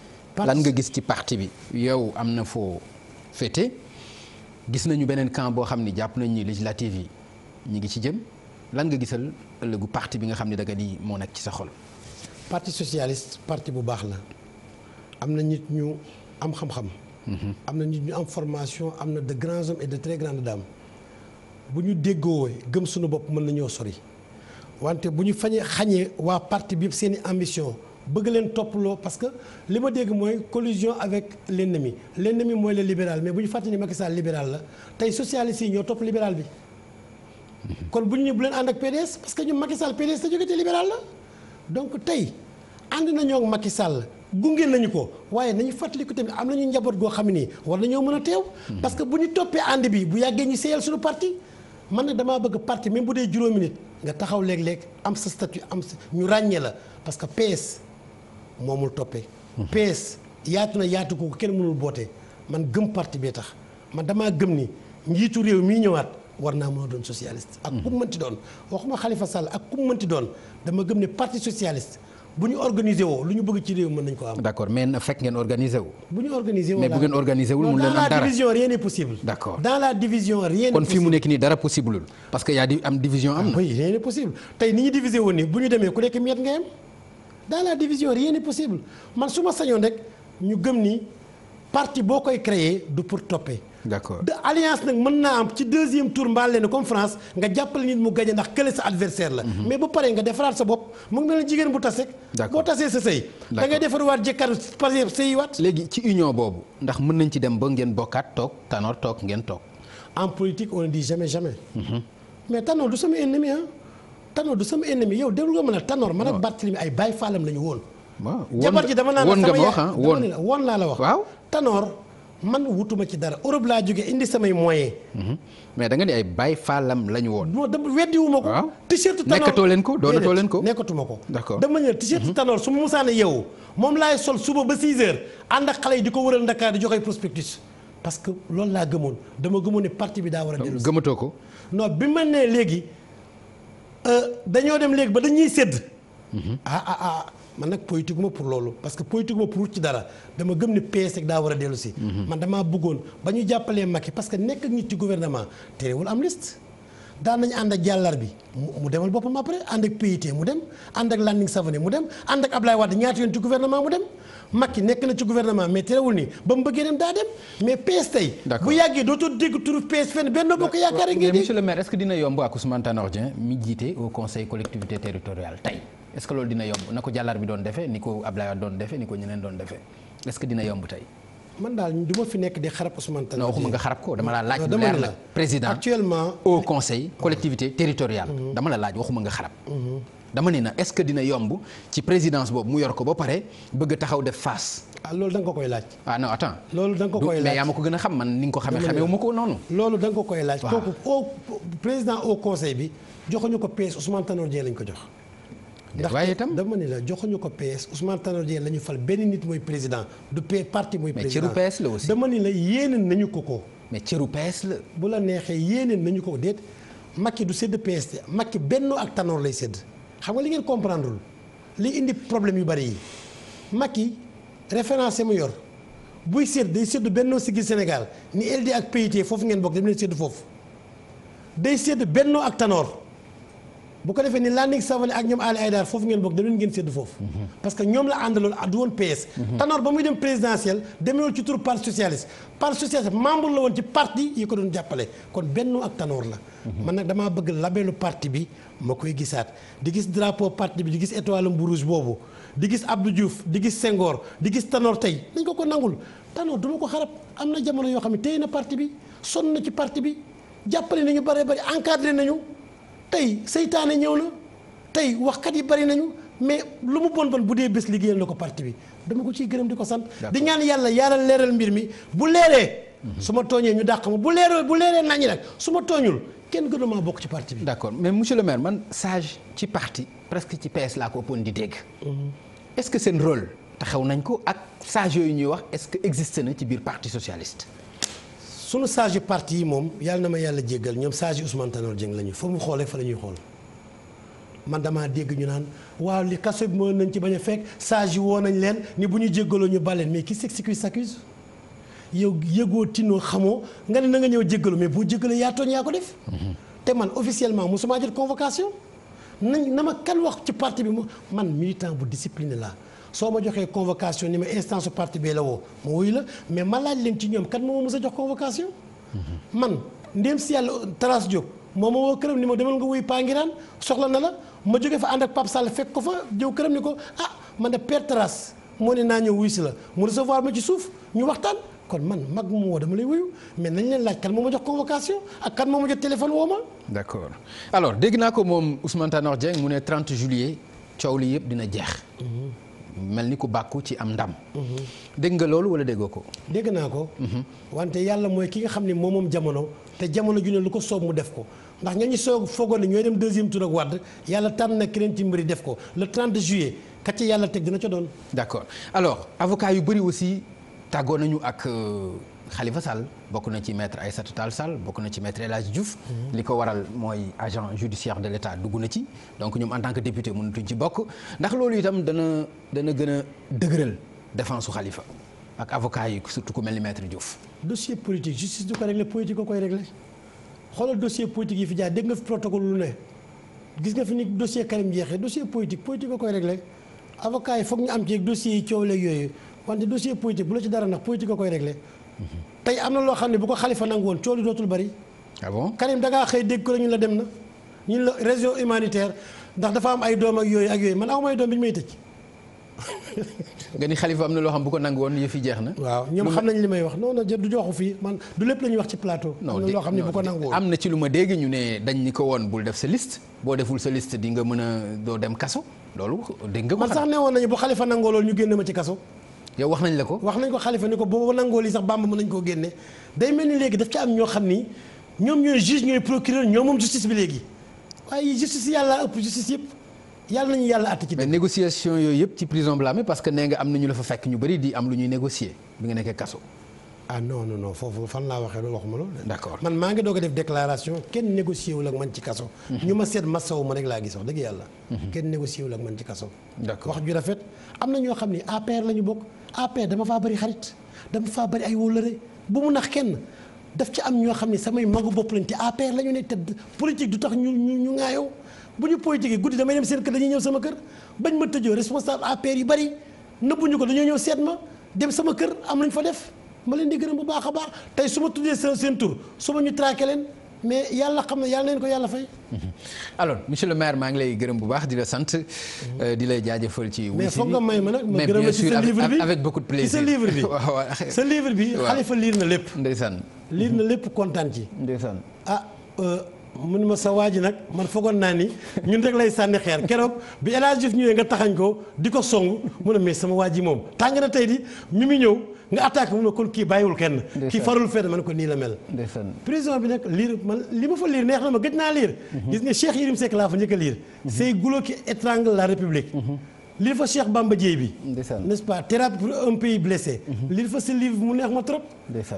lan nga gis ci partie bi. yow am na foo féete. gis nañu beneen camp boo xam ni jàpp nañ ni législative yi ñu ngi ci jëm lan nga gisal ëllëgu parti bi nga xam ne danga di moo nekk ci sa xol. parti socialiste parti bu baax la am na nit ñu am xam-xam. Mhm. am na nit ñu am formation am na de grands hommes et de très grandes dames bu ñu déggoo gëm sunu bopp mën nañoo sori wante bu ñu fañee xañee waa parti bi seen i ambition. bëgg leen toppaloo parce que li ma dégg mooy collision avec l'ennemi l'ennemi mooy le libéral mais bu ñu fàttali ni Macky libéral la tey socialiste yi ñoo topp libéral bi kon bu ñu ne bu leen ànd ak PDS parce que ñun Macky Sall PDS te jóge te libéral la donc tey ànd nañoo ak Macky Sall gunge nañu ko waaye nañu fàttaliku tamit am nañu njaboot goo xam ni war nañoo mën a teew. Hmm. parce que bu ñu toppee ànd bi bu yàggee ñu seeyal suñu parti man na damaa bëgg parti même bu dee juróomi nit nga taxaw léeg-léeg am sa am sa ñu ràññee la parce que PS. moomul toppee. PS yaatu na yaatu ko kenn mënul bootee man gëm parti bi tax man damaa gëm ni njiitu réew mii ñëwaat war naa mën a doon socialiste. ak ku mu mënti doon waxuma Khalifa Sall ak ku mu mënti doon dama gëm ne parti socialiste. bu ñu organisé woo lu ñu bëgg ci réew mën nañu ko am. d' accord na fekk ngeen organisé bu ñu organisé woo bu ngeen organisé mun leen am dara dans la division rien n'est possible. d' la division rien nii dara a di am division am ah na. oui rien n'est possible tey ni ñu divisé woon nii ñu demee ku dans la division rien n'est possible man su sañoo sañoon ñu gëm ni parti boo koy créer du pour toppee. d'accord de alliance nag mën naa am ci deuxième tour mbaal leen comme France nga jàppale nit mu gañe ndax kële sa adversaire la. Mhm. mais bu paree nga defaraat sa bopp mu ngi mel jigéen bu tase. boo tasee sa sëy. da ngay defarwaat jëkkër par wat léegi ci union boobu ndax mën nañ ci dem ba ngeen bokkaat toog Tanor toog ngeen toog. en politique on ne dit jamais jamais. Mhm. Tanor du sama ennemi yow déglu nga ma ne Tanor man ak Barthélemy ay Baye Fallam lañu woon. waaw jabar ji dama naan sama yaay ah, woon woon laa la wax. waaw Tanor man wutuma ci dara Europe laa jóge indi samay moyen mm-hmm. mais da nga ne ay Baye Fallam lañu woon. non dama weddiwuma ko. waaw t-shirt Tanor leen ko doonatoo leen ko. nekkatuma ko. d'accord dama ne t-shirt mm-hmm. Tanor su ma musaane yow moom laay sol suba ba 6 heures ànd ak xale yi di ko wëral Dakar di joxe ay prospectus. parce que loolu laa gëmoon dama gëmoon ne parti bi daa war a dellu. gëmatoo ko. non bi ma nee léegi. Euh, dañoo dem léegi ba dañuy sédd. Mhm. ah ah ah man nag politique ma pour loolu parce que politique ma pour wut ci dara dama gëm ne PS daa war a dellu si. Mhm. man damaa bëggoon ba ñu jàppalee Macky parce que nekk nit ci gouvernement terewul am liste. daan nañu ànd ak jàllar bi mu demal boppam après ànd ak PIT mu dem ànd ak Landing Savané mu dem ànd ak Ablaye Wade ñaata yoon ci gouvernement mu dem. Macky nekk na ci gouvernement mais terewul ni ba mu bëggee dem daa dem mais PS tey. bu yàggee dootoo dégg turu PS fenn benn bokk yaakaar ngeen di. monsieur le maire est-ce que dina yomb ak Ousmane Tanor Dieng mi jiite au conseil collectivité territoriale tey est-ce que loolu dina yomb na ko jàllar bi doon defee ni ko Ablaye Wade doon defee ni ko ñeneen doon defee est-ce que dina yomb tey. man daal du fi nekk di xarab Ousmane Tanor Dieng waxuma nga laaj. dama la président actuellement au dama ne na est-ce que dina yomb ci présidence boobu mu yor ko ba pare bëgg taxaw def face. ah loolu danga nga ko koy laaj. ah non attends. loolu da nga ko koy laaj ko gën a man ni nga ko xamee xamee wu ma ko noonu. loolu da nga ko koy laaj. kooku au président au conseil bi joxuñu ko pees Ousmane Tanor Dieng lañ ko jox. ndax itam ndax dama ne la joxuñu ko pees Ousmane Tanor Dieng la ñu fal benn nit mooy président du P parti mooy. président mais cëru PS la aussi. dama ne la yéene nañu ko ko. mais cëru pees la. bu la neexee yéene nañu ko déet Macky du sedd PS Macky Benno ak lay sédd xam nga li ngeen comprendre li indi problème yu bari yi Macky référence mu yor buy seet day seetlu Benno Siggil Sénégal ni LD ak PIT foofu ngeen bokk dem leen seetlu foofu day sédd bennoo ak tanoor bu ko defee ni Landing Savané ak ñoom Ali Aïdar foofu ngeen bokk da leen ngeen sédd foofu parce que ñoom la àndaloon du woon PS Tanor ba muy dem présidentiel demeewul ci tur parti socialiste parti socialiste membre la woon ci parti yi ko doon jàppale kon Benno ak Tanor la man nag damaa bëgg labelu parti bi ma koy gisaat di gis drapeau parti bi di gis étoile bu rouge boobu di gis Abdou Diouf di gis Senghor di gis tanoor tey dañ ko ko nangul Tanor du ma ko xarab am na jamono yoo xam ne téye na parti bi sonn na ci parti bi jàppale nañu bare bare encadré nañu tey seytaane ñëw na tey waxkat yi bari nañu mais lu mu bon bon bu dee bés liggéeyal la ko parti bi dama ko ciy gërëm di ko sant. di ñaan yàlla yàlla leeral mbir mi bu leeree. Mhm. su ma tooñee ñu dàq ma bu leeree bu leeree nañu nag su ma tooñul kenn gënu maa bokk ci parti bi. d' accord mais monsieur le maire man sage ci parti presque ci PS laa ko ëppoon di dégg. Mhm. est ce que seen role te taxaw nañ ko ak sage yooyu ñuy wax est ce que existe na ci biir parti socialiste. sunu sage yu parti yi moom yàlla na ma yàlla jéggal ñoom sage yu Ousmane Tanor Dieng lañu fa mu xoolee fa la ñuy xool man damaa dégg ñu naan waaw li kaso bi mën nañ ci bañ a fekk sage yi woo nañ leen ni bu ñu jéggaloo ñu baleen mais qui s'excuse ki yow yëgoo tinoo xamoo nga ne na nga ñëw jéggalu mais boo jéggalee yaa tooñ yaa ko def. te man officiellement mosuma jot convocation nañ na ma kan wax ci parti bi man militant bu discipliné laa. soo ma joxee convocation ni ma instance su parti bi la woo ma wuyu la mais ma laaj leen ci ñoom kan moo ma mës a jox convocation. man ndéem si yàlla Talas Diop moom ma woo këram ni ma demal nga wuy Paa Ngiraan soxla na la ma jóge fa ànd ak Pape Sall fekk ko fa jëw këram ni ko ah ma de Père Talas moo ne naa ñëw wuy si la mu recevoir ma ci suuf ñu waxtaan. kon man mag mu woo dama lay wuyu mais nañ leen laaj kan moo ma jox convocation ak kan moo ma jot téléphone woo alors dégg naa ko moom Ousmane Tanor mu ne 30 juillet coow li yëpp dina jeex. Mhm. mel ni ku bàkku ci am ndam. Mhm. dégg nga loolu wala déggoo ko. dégg naa ko. Mhm. wante yàlla mooy ki nga xam ne moom moom jamono te jamono ju ne lu ko soob mu def ko ndax ña ñu soog foogoon ne ñooy dem deuxième tour ak Wade yàlla tànn na keneen ci def ko la 30 juillet kat ci yàlla teg dina ca doon. d'accord alors avocat yu bëri aussi tàggoo nañu ak. Euh, xalifa Sall bokk na ci maître Aïssata Tall Sall bokk na ci maître El Hadj Diouf. Mhm. li ko waral mooy agent judiciaire de l'État dugg na ci. donc ñoom en tant que député mënatuñ ci bokk ndax loolu itam dana dana gën a dëgëral défense xalifa Khalifa ak avocat yi surtout ku mel ni maître Diouf. dossier politique justice du ko réglé politique ko koy réglé xoolal dossier politique yi fi jaar dégg nga fi protocole lu ne gis nga fi ni dossier Karim jeexee dossier politique politique ko koy réglé avocat yi foog ñu am ci dossier yi coow la yooyu wante dossier politique bu la ci dara ndax politique ko koy réglé. tey am na loo xam ne bu ko xalifa nangu woon coono dootul bari. ah bon Karim da ngaa xëy dégg ko la ñu la dem na ñu la région humanitaire ndax dafa am ay doom ak yooyu ak yooyu man aw may doom bi ñu may tëj. nga ni xalifa am bu ko nangu woon yëf yi jeex na. waaw ñoom xam nañ li may wax non non du joxu fii man du lépp la ñuy wax ci plateau. non loo xam ne ko nangu am na ci lu ma dégg ñu ne dañ ni woon bul def sa list boo deful sa list di nga mën a doo dem kaso loolu dégg nga ko. man sax ne woon nañu bu xalifa nangoo loolu ñu génn ma ci kaso yow wax nañ la ko. wax nañ ko xalifa ni ko boo nangoo lii sax bàmb mën nañ koo génne day mel ni léegi daf ci am ñoo xam ni ñoom ñooy juge ñooy procureur ñoom moom justice bi léegi waaye justice yàlla ëpp justice yëpp yàlla nañu yàlla àtt ci. mais négociation yooyu yëpp ci prison blâmée parce que ne nga am na ñu la fa fekk ñu bëri di am lu ñuy négocier bi nga nekkee kaso. ah non non non foofu fan laa waxee loolu waxuma loolu. d'accord man maa ngi doog a def déclaration kenn mhm. mhm. kenn négocié wul ak man ci kaso. d'accord wax ju na ñoo xam ni APR la ñu bokk. APR dama faa bari xarit dama faa bëri ay wóllëre bu mu nax kenn daf ci am ñoo xam ne samay magu bopp lañ te APR la ñu ne te politique du tax ñu ñu ñu ŋaayoo bu ñu politique yi guddi damay dem seen kër dañuy ñëw sama kër bañ ma tëjoo responsable APR yu bari nëbbuñu ko dañoo ñëw seet ma dem sama kër am lañ fa def ma leen di gërëm bu baax a baax tey su ma tuddee seen tur su ma ñu traqué leen. mais yàlla xam na yàlla nañ ko yàlla fay. alors monsieur le maire maa ngi lay gërëm bu baax di la sant. Euh, di lay jaajëfal ci. mais foog nga may ma nag ma gërëm ci sa livre bi avec sa livre bi. sa livre liir na lépp. ndeysaan liir na lépp kontaan ci. ndeysaan ah. Euh, mun ma sa waa ji nag man foogoon naa ni ñun rek lay sànni xeer keroog bi El Hadj ñëwee nga taxañ ko di ko song mu ne mais sama waa ji moom tàng na tey di mi mu ñëw nga attaqué mu ne kon kii bàyyiwul kenn. kii farul fenn man ko nii la mel. prison bi nag liir man li ma fa liir neex na ma gëj naa liir. Mhm. gis nga Cheikh Yérim Seck laa fa njëkk a liir. Mhm. c'est Goulot qui la République. Mhm. li fa Cheikh Bamba Dièye bi. n'est-ce pas thérapie pour un pays blessé. Mhm. li fa si livre mu neex ma trop.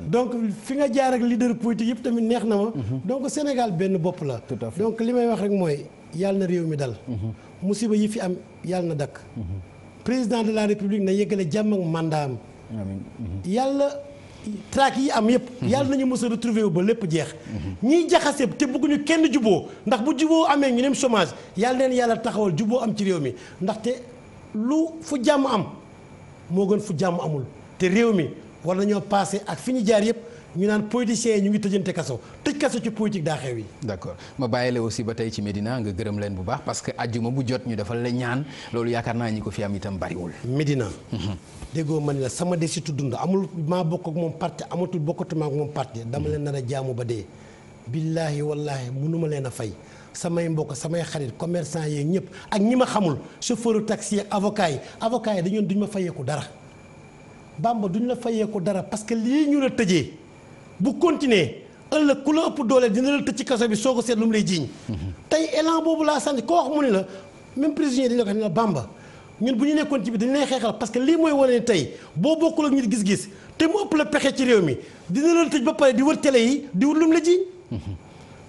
donc fi nga jaar ak leader politique yëpp tamit neex na ma. Mhm. donc Sénégal benn bopp la. donc li may wax rek mooy yàlla na réew mi dal. Mhm. musiba yi fi am yàlla na dakk président de la république na yeggale jàmm ak mandaam yàlla traak yi am yëpp yàlla na ñu a retrouver wu ba lépp jeex ñiy jaxase te bëgguñu kenn juboo ndax bu juboo amee ñu nem chômage yàlla leen yàlla taxawal juboo am ci réew mi ndaxte lu fu jàmm am moo gën fu jàmm amul te réew mi war nañoo passé ak fi ñu jaar yëpp ñu naan politiciens yi ñu ngi tëjante kaso tëj kaso ci politique daa xew yi. d'accord ma bàyyi la aussi ba tey ci Medina nga gërëm leen bu baax parce que àjjuma bu jot ñu defal la ñaan loolu yaakaar naa ñi ko fi am itam bariwul. Medina. Mhm. déggoo ma ne la sama desitu dund amul maa bokk ak moom parti amatul bokkatuma ak moom parti dama leen nar a jaamu ba dee. billaahi wallaahi mënuma leen a fay. samay mbokk samay xarit commercant yee ñëpp ak ñi ma xamul chauffeur taxi si avocat yi avocat yi dañoon duñ ma fayeeku dara bamba duñ la fayeeku dara parce que lii ñu la tëjee bu continuer ëllëg ku la ëpp doole dina la tëj ci kaso bi soo ko seet lu mu lay jiiñ tey élan boobu laa sant ko wax mu ne la même prisonnier dañu bamba ñun bu ñu nekkoon ci bi dañu lay xeexal parce que lii mooy wane tey boo bokkul ak nit gis-gis te mu ëpp la pexe ci réew mi dina la tëj ba pare di wër télé yi di wut la jiiñ mhm.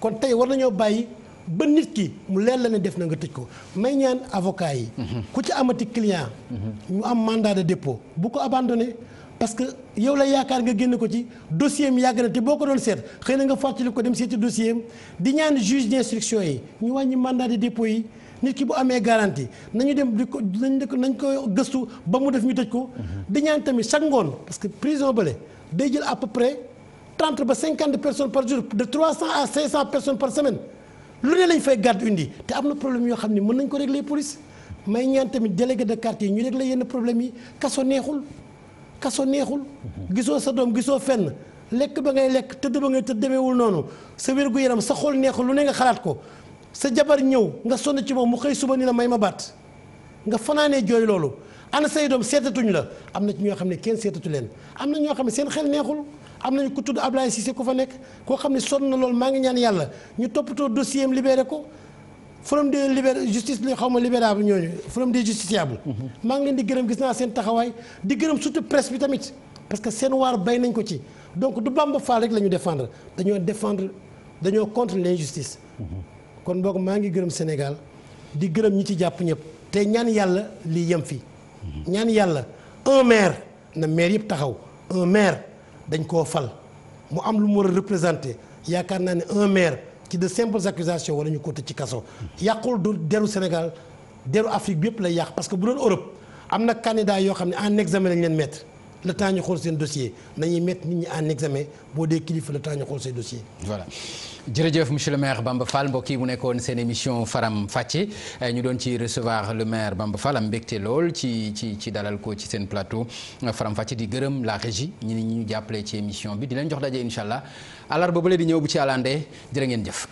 kon tey war nañoo bàyyi ba nit ki mu leer la ne def na nga tëj ko may ñaan avocat yi. Mhm. ku ci amati client. Mhm. ñu am mandat de dépôt bu ko abandonné. parce que yow la yaakaar nga génn ko ci dossier am yàgg na te boo ko doon seet xëy na nga fàttali ko dem seeti dossier am di ñaan juge d'instruction yi ñu wàññi mandat de dépôt yi nit ki bu amee garantie nañu dem di ko nañ ko gëstu ba mu def ñu tëj ko. Mhm. di ñaan tamit chaque ngoon parce que prison bële day jël à peu près trente ba cinquante personnes par jour lu ne lañ fay gàddu indi te am na problème yoo xam ne mën nañ ko régler police may ñaan tamit délégué de yi ñu régler yenn problème yi kaso neexul kaso neexul gisoo sa doom gisoo fenn lekk ba ngay lekk tëdd ba ngay tëdd demeewul noonu sa wér gu yaram sa xol neexul lu ne nga xalaat ko sa jabar ñëw nga sonn ci moom mu xëy suba ni la may ma baat nga fanaanee jooy loolu ana say doom seetatuñ la am na ci ñoo xam ne kenn seetatu leen am na ñoo xam ne seen xel neexul am nañu ku tudd Ablaye Cissé ko fa nekk koo xam ne sonn na loolu maa ngi ñaan yàlla ñu toppatoo dossier am libéré ko forum des libér justice li xaw ma libérable ñooñu forum de justiciables mhm. maa ngi leen di gërëm gis naa seen taxawaay di gërëm surtout presse bi tamit parce que seen waar bay nañ ko ci donc du Bamba Fall rek la ñu défendre dañoo défendre dañoo contre l'injustice mhm. kon boog maa ngi gërëm Sénégal di gërëm ñi ci jàpp ñëpp te ñaan yàlla lii yem fii mhm. ñaan yàlla un maire na yëpp taxaw maire dañ koo fal mu am lu mu war a représenté yaakaar naa ne un maire ci de simples accusations wala ñu ko tëj ci kaso yàqul du deru Sénégal deru Afrique bi yëpp lay yàq parce que bu doon Europe am na candidat yoo xam ne en examen lañ leen mettre le temps ñu xool seen dossier nañuy mettre nit ñi en examen boo dee kilifa le temps ñu xool seen dossier. voilà jërëjëf monsieur le maire Bamba Fall mbokk yi mu nekkoon seen émission Faram Facce ñu doon ci recevoir le maire Bamba Fall am mbégte lool ci ci ci dalal ko ci seen plateau Faram Facce di gërëm la régie ñu ni ñu jàppalee ci émission bi di leen jox daje incha allah alarba bële di ñëw bu ci àllandee jërë ngeen jëf.